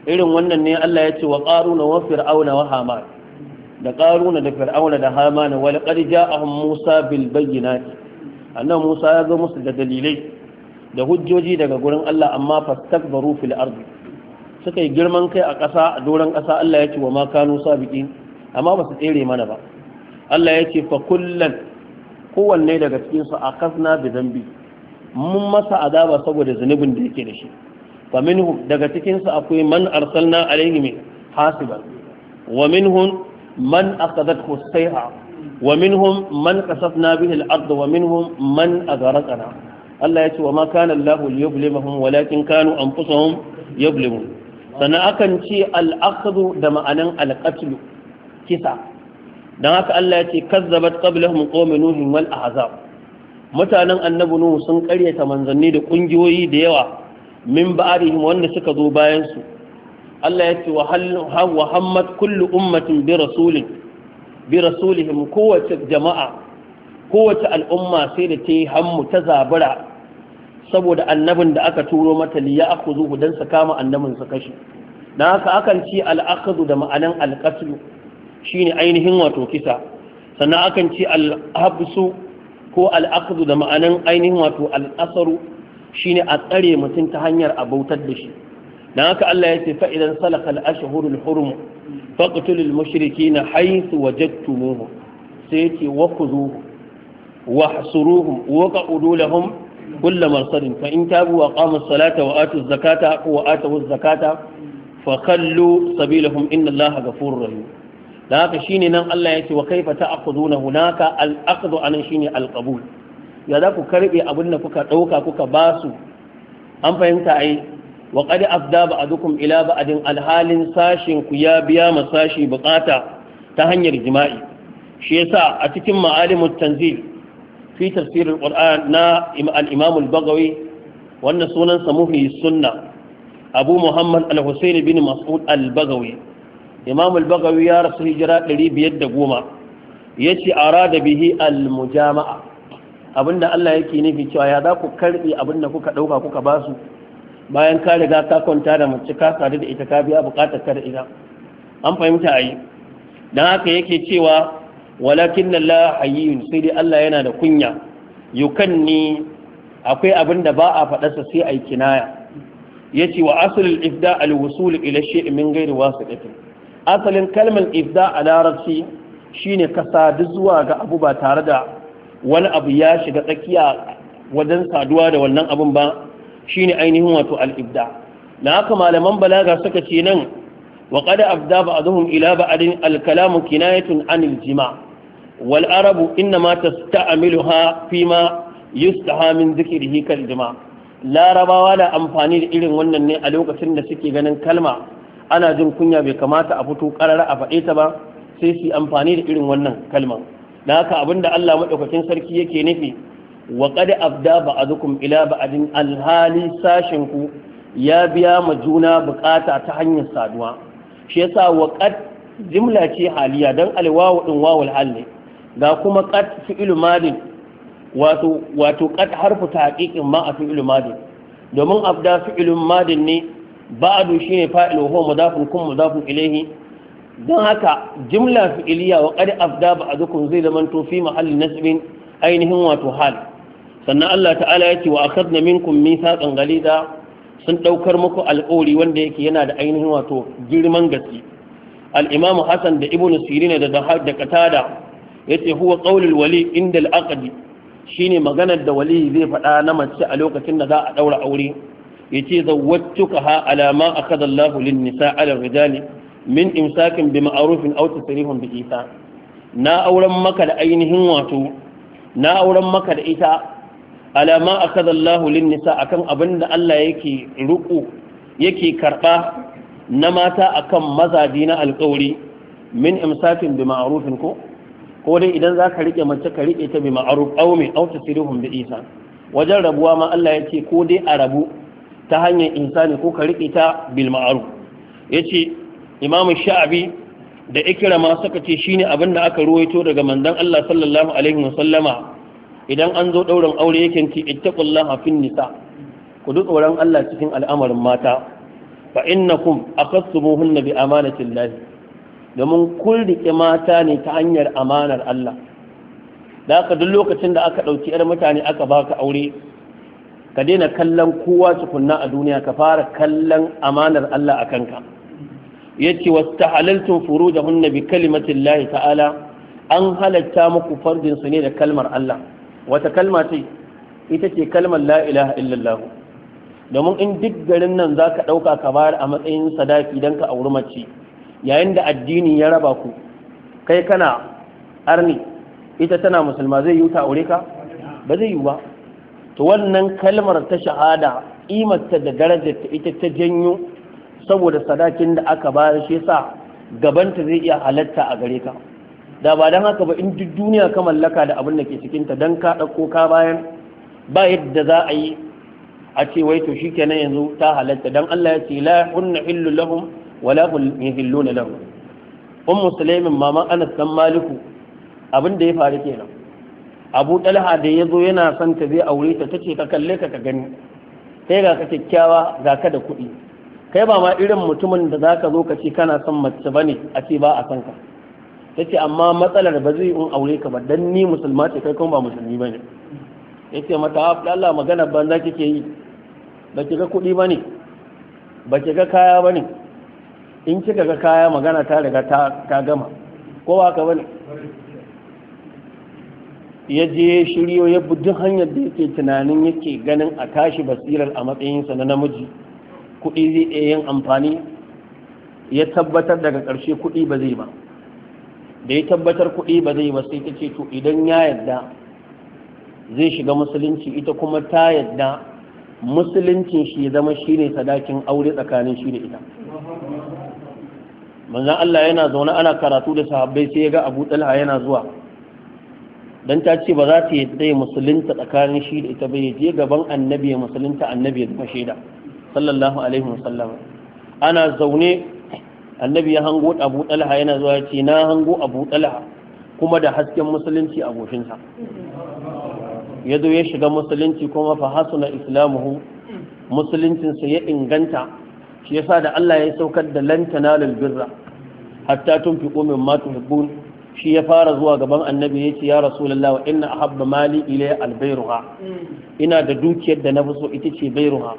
irin wannan ne Allah ya ce wa qaruna wa fir'auna wa haman da ƙaruna da fir'auna da hamana wani qad a musa bil bayyinati musa ya zo musu da dalilai da hujjoji daga gurin Allah amma fastakbaru fil ardi suka yi girman kai a ƙasa a doron ƙasa Allah ya ce wa ma kanu sabiqin amma ba su tsere mana ba Allah ya ce fa kullan kowanne daga cikin su akasna bi zambi mun masa azaba saboda zunubin da yake da shi fa minhum daga cikin su akwai man arsalna alaihim hasiban wa minhum man akadathu sayha wa minhum man qasafna bihi al-ard wa minhum man agharqana Allah ya ce wa ma kana Allah liyuzlimahum walakin kanu anfusahum yuzlimun sannan akan ce al-akhdhu da ma'anan al kisa dan haka Allah ya ce kazzabat qablahum qawm nuh wal ahzab mutanen annabi nuhu sun karyata manzanni da ƙungiyoyi da yawa min ba'arihim wanda suka zo bayansu. Allah ya ce wa kullu ummatin bi rasulin bi rasulihim kowace jama'a kowace al'umma sai da ta yi hammu ta zabura saboda annabin da aka turo mata liya aku zuhu don su kama annabin su kashe na haka akan ci al'akazu da ma'anan alƙaslu shine ainihin wato kisa sannan akan ci al'habsu ko al'akazu da ma'anan ainihin wato al'asaru shine a tsare mutum ta hanyar bautar da shi Na haka Allah ya ce faidan salakal ashhurul hurum faqtulul mushrikeena haythu wajadtumuhum sai ce wa khuzuhu wa hasuruhum wa qaqudu lahum kull marsadin fa in tabu wa qamu salata wa atu zakata wa atu zakata fa khallu sabilahum inna Allaha ghafurur rahim dan haka ne nan Allah ya ce wa kaifa na hunaka al-aqdu anan shine al-qabul ya za ku karbe abin da kuka ɗauka kuka basu an fahimta ai wa qad afda ba'dukum ila ba'din alhalin sashin ku ya biya ma sashi bukata ta hanyar jima'i shi yasa a cikin ma'alimut tanzil fi tafsir alquran na al-imam al-baghawi wannan sunan sa muhi sunna abu muhammad al-husayn bin mas'ud al-baghawi imam al-bagawi ya rasu hijira 510 yace arada bihi al-mujama'a abinda Allah yake nufi cewa ya za ku karbi abinda kuka dauka kuka basu bayan ka riga ka kwanta da mace ka sadu da ita ka biya bukatar ka da ita an fahimta ayi dan haka yake cewa walakin la hayyun sai dai Allah yana da kunya yukanni akwai abin da ba a faɗarsa sai ai kinaya yace wa aslul ifda al wusul ila shay'in min ghairi wasiqatin asalin kalmar ifda a larabci shine ka duk zuwa ga abu ba tare da wani abu ya shiga tsakiya wajen saduwa da wannan abin ba shine ainihin wato al'ibda. na haka malaman balaga suka ce nan abda ba a ba'dhum ila ba adin kalamu kinayatun anil jima' wal arabu inma tasta'miluha fima yustaha min da kal jima' larabawa da amfani da irin wannan ne a lokacin da suke ganin kalma ana jin kunya bai kamata a fito karara a faɗe ta ba sai su amfani da irin wannan kalman da haka abinda Allah maɗaukakin sarki yake nufi wa qad abda ba'dukum ila ba'din alhali sashin ku ya biya ma juna bukata ta hanyar saduwa shi yasa wa ƙad jimla ce haliya dan alwawu din wawul hal ga kuma ƙad fi'il madin wato wato qad harfu tahqiqin ma a fi'il madin domin abda fi'il madin ne ba'du shine fa'ilu huwa mudafun kun mudafun ilayhi don haka jimla fi'iliya wa qad abda ba'dukum zai zamanto fi mahallin nasbin ainihin wato hal sannan Allah ta'ala ya ce wa akhadna minkum mithaqan ghalida sun daukar muku alƙawari wanda yake yana da ainihin wato girman gaske al-Imam Hassan da Ibn Sirin da da Qatada yace huwa qaulul wali inda al-aqdi shine maganar da wali zai faɗa na mace a lokacin da za a daura aure yace zawwattukaha ala ma akhadha Allahu lin-nisa' ala rijali min imsakin bi ma'arufin aw tasrifin bi isa na auren maka da ainihin wato na auren maka da ita alama akada Allahu lin nisa akan abinda Allah yake ruku yake karɓa na mata akan mazaji na alƙawari min imsakin bi ma'arufin ko ko dai idan zaka rike mace ka rike ta bi ma'ruf aw min aw tasrihuhum bi isa wajen rabuwa ma Allah yace ko dai a rabu ta hanyar insani ko ka rike ta bil ma'ruf yace Imam Sha'abi da Ikrama suka ce shine abin da aka ruwaito daga manzon Allah sallallahu alaihi wasallama idan an zo ɗaurin aure yakin ci ittaqullaha fin nisa ku duk tsoron Allah cikin al'amarin mata fa innakum aqassumuhunna bi amanatillahi domin kun rike mata ne ta hanyar amanar Allah da haka duk lokacin da aka ɗauki yar mutane aka baka aure ka daina kallon kowa tukunna a duniya ka fara kallon amanar Allah a kanka yace wastahalaltum furujahunna bi kalimatillahi ta'ala an halatta muku farjin su ne da kalmar Allah wata kalma ce ita ce kalmar la ilaha illallah domin in duk garin nan za ka ɗauka ka bayar a matsayin sadaki don ka auri mace yayin da addini ya raba ku kai kana arni ita tana musulma zai yi ta aure ka ba zai yi ba to wannan kalmar ta shahada imarta da ta ita ta janyo saboda sadakin da aka bayar shi sa gabanta zai iya halatta a gare ka da ba don haka ba in duk duniya ka mallaka da abin da ke cikinta don ka ɗauko ka bayan ba yadda za a yi a ce wai to shikenan yanzu ta halatta don Allah ya ce la hunna hillu lahum wa la yuhilluna lahum ummu musulmin, maman Anas dan Maliku abin da ya faru kenan Abu Talha da yazo yana son ta zai aure ta tace ka kalle ka ka gani kai ga ka kyakkyawa ga ka da kuɗi kai ba ma irin mutumin da za ka zo ka ce kana son mace bane a ce ba a son ka yace amma matsalar ba zai in aure ka ba dan ni musulma ce kai kuma ba musulmi bane yace mata Allah magana da kike yi ba ki ga kuɗi bane ba ki ga kaya bane in kika ga kaya magana ta riga ta gama ko ba ka bane ya je shiryo ya duk hanyar da yake tunanin yake ganin a tashi basirar a matsayinsa na namiji kuɗi zai iya yin amfani ya tabbatar daga ƙarshe kuɗi ba zai ba da ya tabbatar kuɗi ba zai ba sai ta ce to idan ya yadda zai shiga musulunci ita kuma ta yadda musuluncin shi ya zama shi ne sadakin aure tsakanin shi da ita manzan Allah yana zaune ana karatu da sahabbai sai ya ga abu talha yana zuwa don ta ce ba za ta yadda ya musulunta tsakanin shi da ita bai je gaban annabi ya musulunta annabi ya zama shaida sallallahu alaihi wasallam ana zaune annabi ya hango abu talha yana zuwa ya ce na hango abu talha kuma da hasken musulunci a goshinsa ya zo ya shiga musulunci kuma fa hasuna islamuhu musuluncinsa ya inganta shi yasa da Allah ya saukar da lantana lalbirra birra hatta tunfiqu mimma tuhibbun shi ya fara zuwa gaban annabi ya ce ya rasulullahi wa inna ahabba mali ilayya albayruha ina da dukiyar da na fi so ita ce bayruha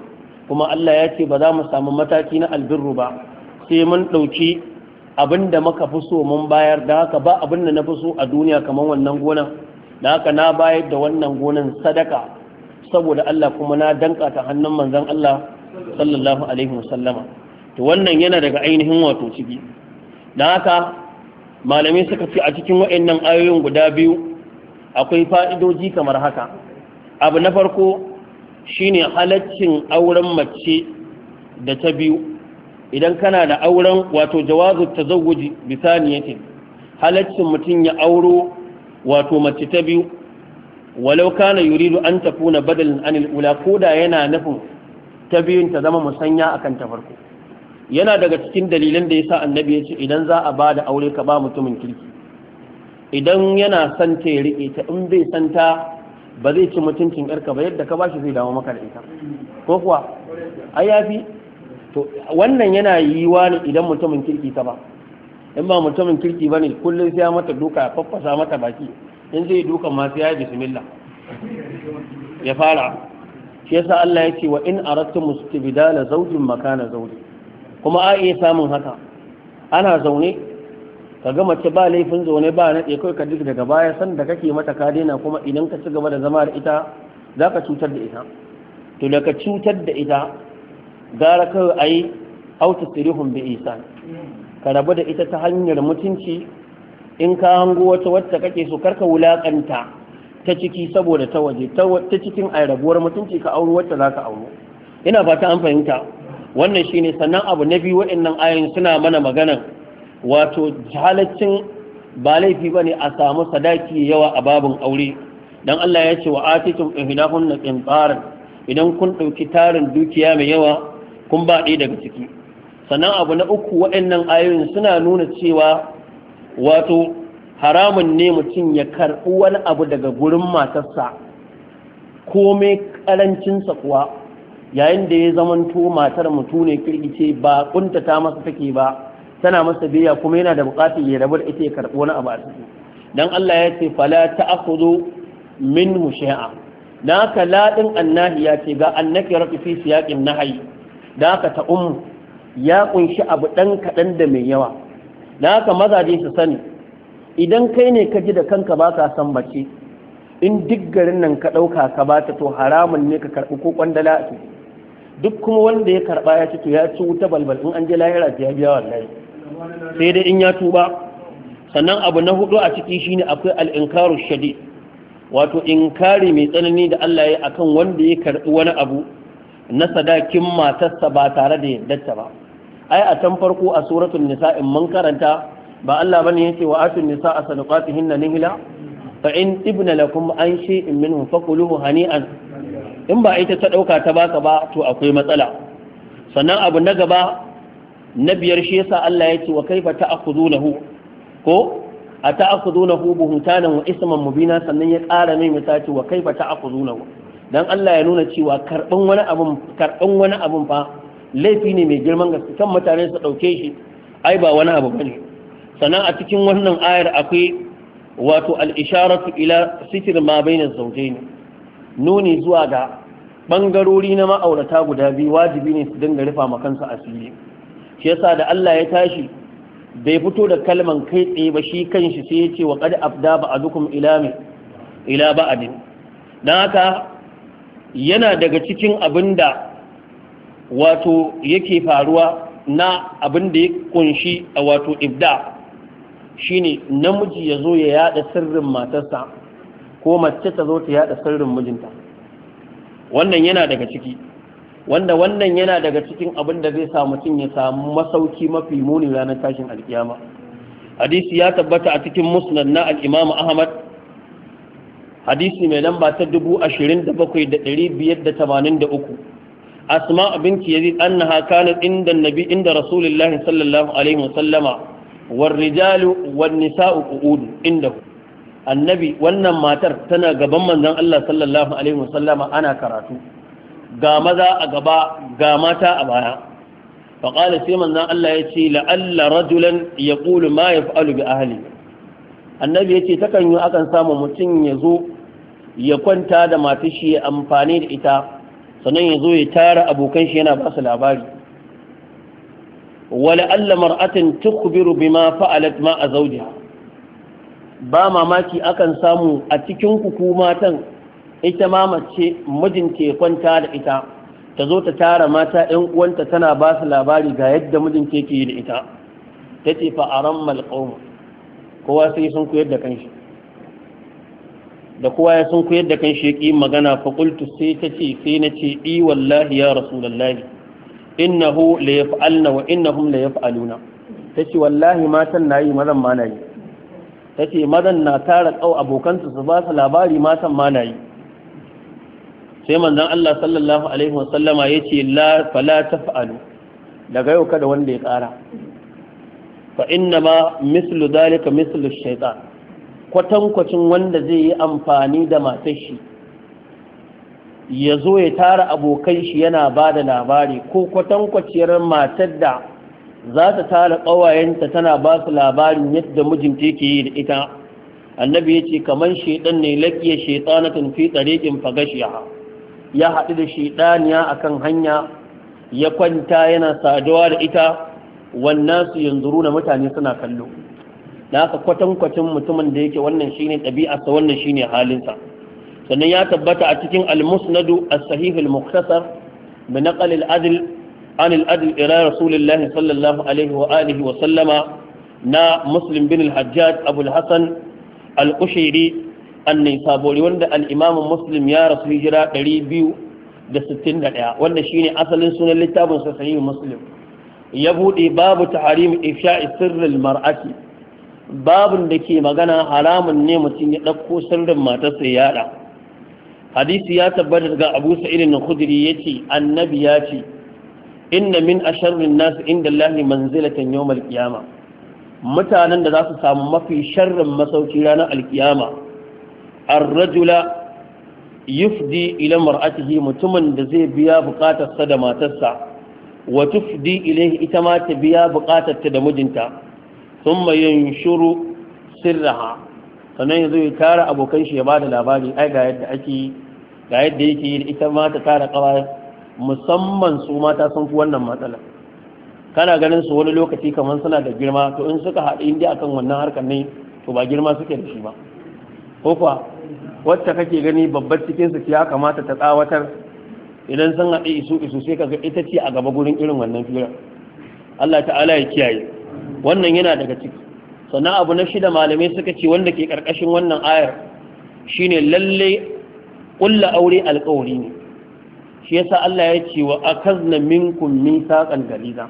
kuma Allah ya ce ba za mu samu mataki na albirru ba sai mun ɗauki abinda da muka fi so mun bayar da haka ba abin da na fi so a duniya kamar wannan gonan da haka na bayar da wannan gonan sadaka saboda Allah kuma na danka ta hannun manzon Allah sallallahu alaihi wasallama to wannan yana daga ainihin wato ciki da haka malamai suka ce a cikin wa'annan ayoyin guda biyu akwai fa'idoji kamar haka abu na farko shine halaccin auren mace da ta biyu idan kana da auren wato jawazu tazawuji bisaniyatin halaccin mutum ya auro wato mace ta biyu walau kana yuridu an tafuna badalin anil ula koda yana nufin ta biyun ta zama musanya akan ta farko yana daga cikin dalilan da yasa annabi ya ce idan za a bada aure ka ba mutumin kirki idan yana son ta rike ta in bai san ta ba zai ci mutuncin yarka ba yadda ka bashi zai dawo maka da ita ko kuwa ai to wannan yana yiwa ne idan mutumin kirki ta ba in ba mutumin kirki ba ne kullum sai ya mata duka ya faffasa mata baki in zai duka masu ya yi bismillah ya fara shi yasa Allah ya ce wa in aratu mustibdala zawjin makana zawji kuma a iya samun haka ana zaune Ka ga mace ba laifin zaune ba na tsaye kai ka duk daga baya san da kake mata ka daina kuma idan ka ci gaba da zama da ita zaka cutar da ita to da ka cutar da ita gara kawai a yi auta sirihun bi Isa. ka rabu da ita ta hanyar mutunci in ka hango wata wacce kake so karka wulakanta ta ciki saboda ta waje ta cikin a rabuwar mutunci ka auri wacce za ka auro ina fata an fahimta wannan shine sannan abu na biyu waɗannan ayoyin suna mana maganan wato halaccin ba laifi ba ne a samu sadaki yawa a babin aure dan Allah ya ce wa atitum ihdahunna qintaran idan kun ɗauki tarin dukiya mai yawa kun ba ɗaya daga ciki sannan abu na uku waɗannan ayoyin suna nuna cewa wato haramun ne mutum ya karɓi wani abu daga gurin matarsa komai ƙarancinsa kuwa yayin da ya zamanto matar mutu ne kirkice ba ƙuntata masa take ba tana masa biya kuma yana da buƙatar ya rabu da ita ya karɓi wani abu a ciki dan Allah ya ce fala ta'khudhu minhu shay'a naka ladin annahi ya ce ga annaki rafi fi siyaqin nahyi da aka ta ya kunshi abu ɗan kaɗan da mai yawa da aka mazaje su sani idan kai ne ka ji da kanka ba ka san bace in duk garin nan ka ɗauka ka bata to haramun ne ka karɓi ko kwandala a duk kuma wanda ya karɓa ya ci to ya ci wuta balbal in an je lahira ya biya wallahi sai dai in ya tuba sannan abu na hudu a ciki shine akwai al'inkaru inkaru wato inkari mai tsanani da Allah ya akan wanda ya karɓi wani abu na sadakin matarsa ba tare da yaddarta ba ai a can farko a suratul nisa in mun karanta ba Allah bane yace wa atun nisa sadaqatihinna nihla fa in tibna lakum an shay'in minhu faquluhu hani'an in ba ita ta dauka ta baka ba to akwai matsala sannan abu na gaba na biyar shi yasa Allah yace wa kaifa ta'khudunahu ko a ta'khudunahu buhutanan wa isman mubina sannan ya kara mai misali wa kaifa ta'khudunahu dan Allah ya nuna cewa karban wani abun wani abun fa laifi ne mai girman gaske kan mutane su dauke shi ai ba wani abu bane sannan a cikin wannan ayar akwai wato al-isharatu ila sitr ma baina zawjayn nuni zuwa ga bangarori na ma'aurata guda biyu wajibi ne su dinga rufa ma kansu asiri shi yasa da Allah ya tashi bai fito da kalman kai tsaye ba shi kanshi sai ya ce wa qad abda ba'dukum ila ila ba'din dan haka yana daga cikin abin da wato yake faruwa na abin da ya kunshi a wato ibda shine namiji ya zo ya yada sirrin matarsa ko mace ta zo ta yada sirrin mijinta wannan yana daga ciki wanda wannan yana daga cikin abin da zai samu mutum ya samu masauki mafi muni ranar tashin alkiyama hadisi ya tabbata a cikin musnad na al-imam ahmad hadisi mai lamba ta 27583 asma binti yazid annaha kanat inda annabi inda rasulullahi sallallahu alaihi wasallama war rijalu wan udu inda ku. annabi wannan matar tana gaban manzan Allah sallallahu alaihi wasallama ana karatu ga maza a gaba ga mata a baya faƙali sai manzan Allah ya ce la'alla rajulan ya ƙulu ma ya fa'alu bi ahali annabi ya ce takan yi akan samu mutum ya zo ya kwanta da matar shi ya amfani da ita sannan ya zo ya tara abokan shi yana ba su labari wala alla mar'atin tukhbiru bima fa'alat ma a ba mamaki akan samu a cikin kuku matan ita ma mace mijinta ya kwanta da ita ta zo ta tara mata 'yan uwanta tana ba su labari ga yadda mijinta yake yi da ita ta fa aramal qawm kowa sai sun koyar da kanshi da kowa ya sun koyar da kan sheki magana fa qultu sai ce sai na ce, i wallahi ya rasulullahi innahu la yaf'alna wa innahum la yaf'aluna tace wallahi matan nayi mazan ma nayi tace mazan na tara kau abokansu su ba su labari matan ma nayi sai manzon Allah sallallahu alaihi wa sallama yace la fala taf'alu daga yau kada wanda ya tsara. fa inna ma mislu dhalika mislu shaytan kwatankwacin wanda zai yi amfani da matar shi ya zo ya tara abokan shi yana ba da labari ko kwatankwaciyar matar da za ta tara ƙawayenta tana ba su labarin yadda mijinta yake yi da ita annabi ya ce kamar shaidan ne laƙiya shaitanatin fi tsariƙin fagashiya ya haɗu da shaidaniya a kan hanya ya kwanta yana saduwa da ita wannan su yanzu na mutane suna kallo da haka kwatankwacin mutumin da yake wannan shine ɗabi'arsa wannan shine halinsa sannan ya tabbata a cikin al-musnadu as-sahih al-mukhtasar bi naqal al-adl an al-adl ila rasulillahi sallallahu alaihi wa alihi wa sallama na muslim bin al-hajjaj abul hasan al-qushairi an-nisaburi wanda al-imam muslim ya rasu hijira 261 wanda shine asalin sunan littafin sa sahih muslim ya bude babu tahrim ifsha'i sirril mar'ati babin da ke magana haramun ne mutum ya ɗauko sirrin matarsa ya yaɗa hadisi ya tabbata daga abu sa'id na ya ce annabi ya ce inna min a sharrin nasu inda lahi manzilatan yau malkiyama mutanen da za su samu mafi sharrin masauki ranar alkiyama an rajula yufdi ila mar'atihi mutumin da zai biya bukatarsa da matarsa wa tufdi ilaihi ita ma ta biya bukatarta da mijinta thumma yanshuru sirraha sannan yanzu ya tara abokan shi ya bada labari ai ga yadda ake ga yadda yake yi ita ma ta tara kawai musamman su mata sun fi wannan matsala kana ganin su wani lokaci kamar suna da girma to in suka haɗu indiya akan wannan harkar ne to ba girma suke da shi ba ko kuwa wacce kake gani babbar cikin su ya kamata ta tsawatar idan sun haɗu isu isu sai ga ita ce a gaba gurin irin wannan fira Allah ta'ala ya kiyaye wannan yana daga ciki sannan abu na shida malamai suka ce wanda ke karkashin wannan ayar shine lalle kulla aure alƙawari ne shi yasa Allah ya ce wa akazna minkum saqan galiza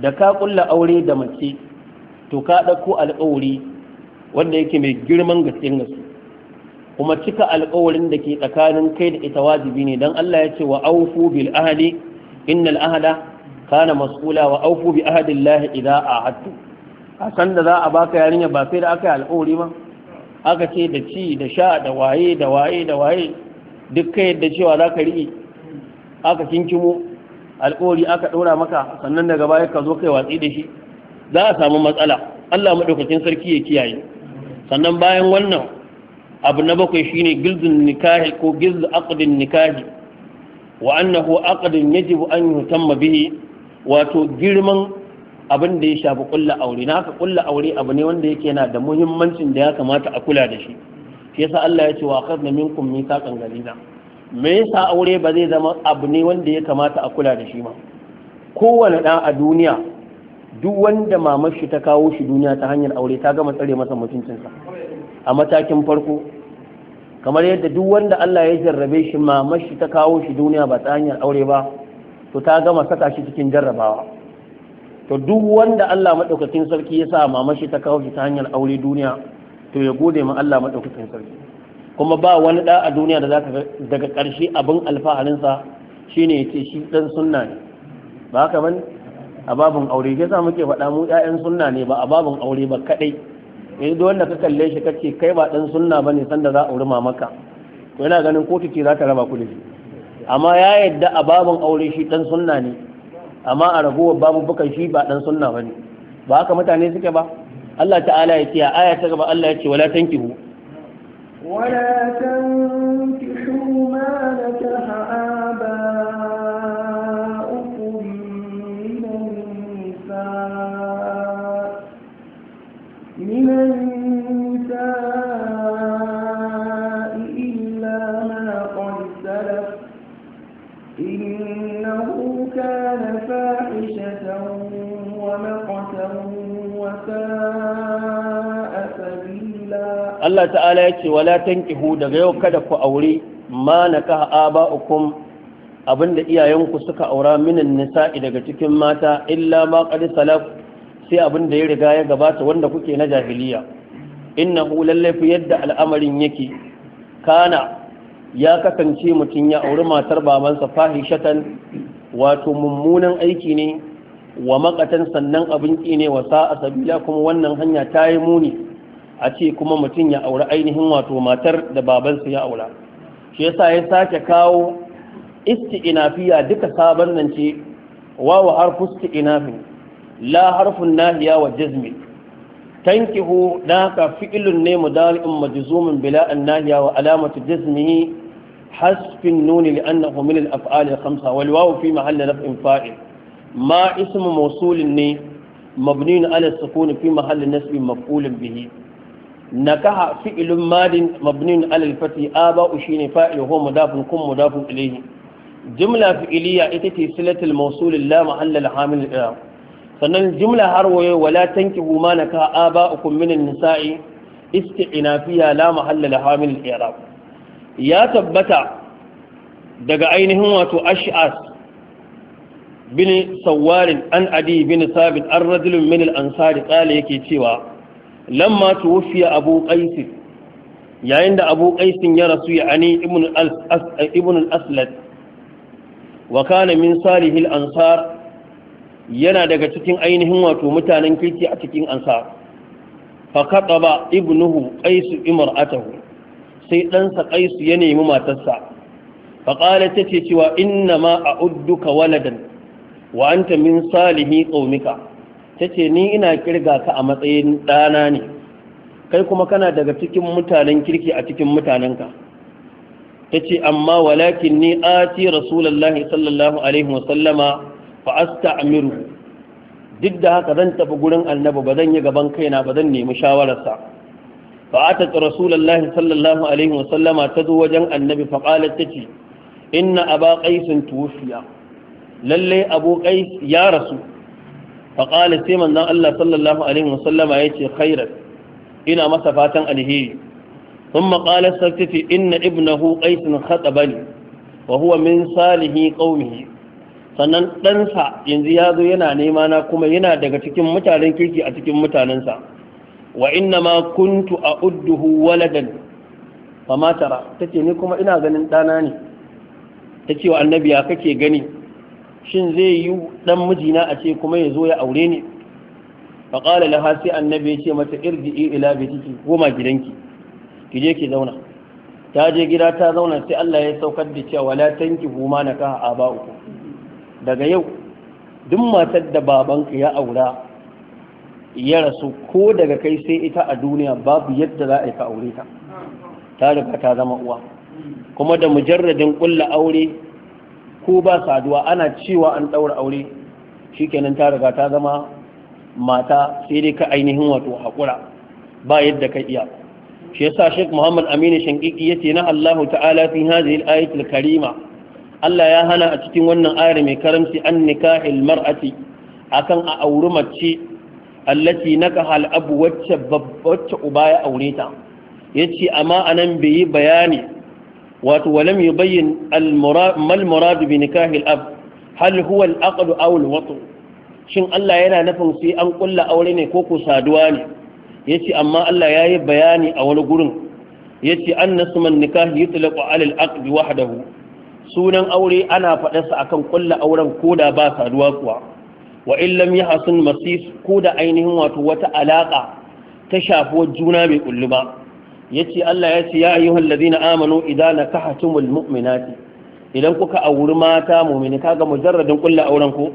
da ka kulla aure da mace to ka dauko alƙawari wanda yake mai girman gaskiyar gaske kuma cika alƙawarin da ke tsakanin kai da ita wajibi ne dan Allah ya ce wa aufu bil ahdi innal ahda kana mas'ula wa aufu bi ahadillahi idza ahadtu a san da za a baka yarinya ba sai da aka yi alƙawari ba aka ce da ci da sha da waye da waye da waye duk kai yadda cewa za ka riƙe aka kinkimo alƙawari aka ɗora maka sannan daga baya ka zo kai watsi da shi za a samu matsala Allah maɗaukakin sarki ya kiyaye sannan bayan wannan abu na bakwai shine gilzun nikahi ko gilzu aqdin nikahi wa annahu aqdin yajibu an yutamma bihi wato girman abin da ya shafi kulla aure na haka kulla aure abu ne wanda yake yana da muhimmancin da ya kamata a kula da shi shi yasa Allah ya ce wa akhadna minkum mithaqan ghaliza me yasa aure ba zai zama abu ne wanda ya kamata a kula da shi ba kowane dan a duniya duk wanda mamar shi ta kawo shi duniya ta hanyar aure ta gama tsare masa mutuncinsa a matakin farko kamar yadda duk wanda Allah ya jarrabe shi mamar shi ta kawo shi duniya ba ta hanyar aure ba to ta gama saka shi cikin jarrabawa to duk wanda Allah madaukakin sarki ya sa mamashi ta kawo shi ta hanyar aure duniya to ya gode ma Allah madaukakin sarki kuma ba wani da a duniya da zaka daga ƙarshe abin alfaharin sa shine ya shi dan sunna ne ba haka bane a babun aure ke sa muke faɗa mu ƴaƴan sunna ne ba a babun aure ba kadai yanzu duk wanda ka kalle shi kace kai ba dan sunna bane sanda za a aure mamaka to yana ganin kotu ce za ta raba ku da shi amma ya yadda a babin aure shi dan sunna ne amma a ragowar babubukan shi ba dan sunna ne ba haka mutane suke ba Allah ta'ala ya ce a aya ta gaba Allah ya ce wala tankihu wala tankihu Allah ta'ala ya ce wala tankihu daga yau kada ku aure ma na ba ukum abinda iyayenku suka aura minan nisa'i daga cikin mata illa ma qad salaf sai abinda ya riga ya gabata wanda kuke na jahiliya innahu fi yadda al'amarin yake kana ya kasance mutum ya auri matar babansa fahishatan wato mummunan aiki ne wa makatan sannan abin ne wa sa'a sabila kuma wannan hanya ta yi muni a ce kuma mutum ya aure ainihin wato matar da babansu ya aura shi yasa ya sake kawo isti'inafiya duka sabon nan ce wawa harfu isti'inafi la harfun nahiya wa jazmi tankihu naka fi'ilun ne mudari'un majzumin bila an nahiya wa alamatu jazmihi hasfin nuni li'annahu min al-af'al al-khamsa wal wawu fi mahall raf'in fa'il ma ismu mawsulin ne mabniun ala sukun fi mahall nasb maf'ul bihi nakaha fi'ilun madin mabnin alal fati aba'u shine fa'il huwa mudafun kun mudafun ilayhi jumla fi'iliya ita ce silatul mawsul la mahalla al hamil sannan jumla har waye wala tankihu ma nakaha aba'ukum min an-nisa'i isti'nafiya la mahalla al hamil al i'rab ya tabbata daga ainihin wato ash'as bin sawarin an adi bin sabit an rajulun min al-ansari qala yake cewa lamma tuwfiya abu qais yayin da abu qais ya rasu ya ani ibn al ibn al aslad wa kana min ansar yana daga cikin ainihin wato mutanen kirki a cikin ansar fa kataba ibnuhu qais imra'atahu sai ɗansa qais ya nemi matarsa fa ta ce cewa inna ma a udduka waladan wa anta min salihi qaumika ta ce ni ina kirga ka a matsayin ɗana ne kai kuma kana daga cikin mutanen kirki a cikin mutanenka ta ce amma walakin ni a ce rasulallah sallallahu alaihi wasallama fa Amiru. duk da haka zan tafi gurin annabi ba zan yi gaban kaina ba zan nemi shawararsa fa atat rasulallah sallallahu alaihi wasallama ta zo wajen annabi fa qalat ce inna aba qais tuwfiya lalle abu qais ya rasu faƙali sai manzon Allah sallallahu alaihi wasallama ya ce khairar ina masa fatan alheri sun maƙalar sartifi inna ibnahu qaisin khatabani wa huwa min salihi qaumihi sannan ɗansa yanzu ya zo yana nema na kuma yana daga cikin mutanen kirki a cikin mutanensa wa inna ma kuntu a udduhu waladan fa matara ta ce ni kuma ina ganin ɗana ne ta ce wa annabi ya kake gani shin zai yi dan mijina a ce kuma ya zo ya aure ni fa qala laha sai annabi ya ce mata irji ila bitiki goma gidanki ki je ki zauna ta je gida ta zauna sai Allah ya saukar da cewa la tanki huma ba uku. daga yau duk matar da babanka ya aura ya rasu ko daga kai sai ita a duniya babu yadda za a yi ka aure ta ta riga ta zama uwa kuma da mujarradin kulla aure ko ba saduwa ana cewa an ɗaura aure shikenan ta riga ta zama mata sai dai ka ainihin wato haƙura ba yadda ka iya shi yasa Sheikh Muhammad Aminu Shankiki yace na Allah ta'ala fi hadhihi al karima Allah ya hana a cikin wannan ayar mai karamci an nikahil mar'ati akan a auri mace allati nakaha al-abu wacce wacce uba ya aure ta yace amma anan bai yi bayani wato walam yubayyin mal murad bi nikahil ab hal huwa al aqd aw al watu shin Allah yana nufin sai an kulla aure ne ko ku saduwa ne yace amma Allah yayi bayani a wani gurin yace annasu man nikah yutlaqu ala al aqd wahdahu sunan aure ana faɗarsa akan kulla auren koda ba saduwa kuwa wa illam yahsun masis koda ainihin wato wata alaka ta shafuwar juna bai kullu ba yace Allah ya ce ya ayyuhal ladina amanu idan nakahtumul mu'minati idan kuka auri mata mu'mini kaga mujarradin kullu auren ku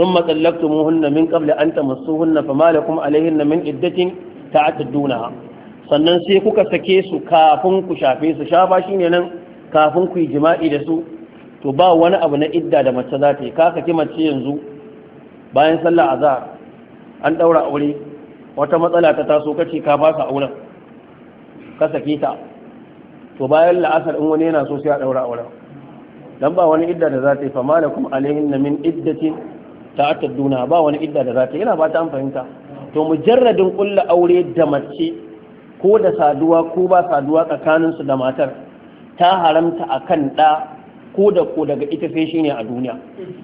thumma tallaqtumuhunna min qabli an tamassuhunna fama lakum alayhinna min iddatin ta'taddunaha sannan sai kuka sake su kafin ku shafe su shafa shine nan kafin ku yi jima'i da su to ba wani abu na idda da mace za ta yi kaka ki mace yanzu bayan sallah azhar an daura aure wata matsala ta taso kace ka ba su auren ka sake ta to bayan la'asar in wani yana so sai a daura auren dan ba wani idda da za ta yi fa malakum alaihin min iddatin duna ba wani idda da za ta yi yana ba ta an fahimta to mujarradin kulla aure da mace ko da saduwa ko ba saduwa su da matar ta haramta akan ɗa ko da ko daga ita sai shine a duniya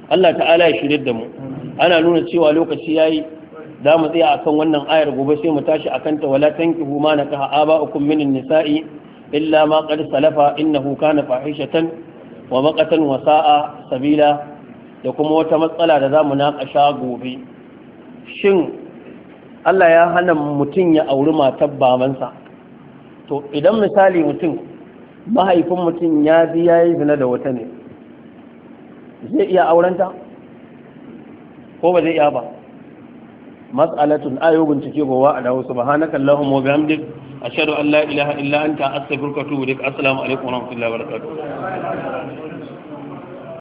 Allah ta'ala ya shirye da mu ana nuna cewa lokaci yayi za mu tsaya akan wannan ayar gobe sai mu tashi akan ta wala tankihu ma aba ukum minin nisa'i illa ma qad salafa innahu kana fahishatan wa maqatan wa sa'a sabila da kuma wata matsala da zamu naƙasha gobe shin Allah ya hana mutum ya auri matar babansa to idan misali mutum mahaifin mutum ya ji yayi zina da wata ne zai iya aurenta ko ba zai iya ba matsalatun ayo bincike gowa a dawo subhanaka allahumma wa bihamdik ashhadu an la ilaha illa anta astaghfiruka wa atubu ilaik assalamu alaikum wa rahmatullahi wa barakatuh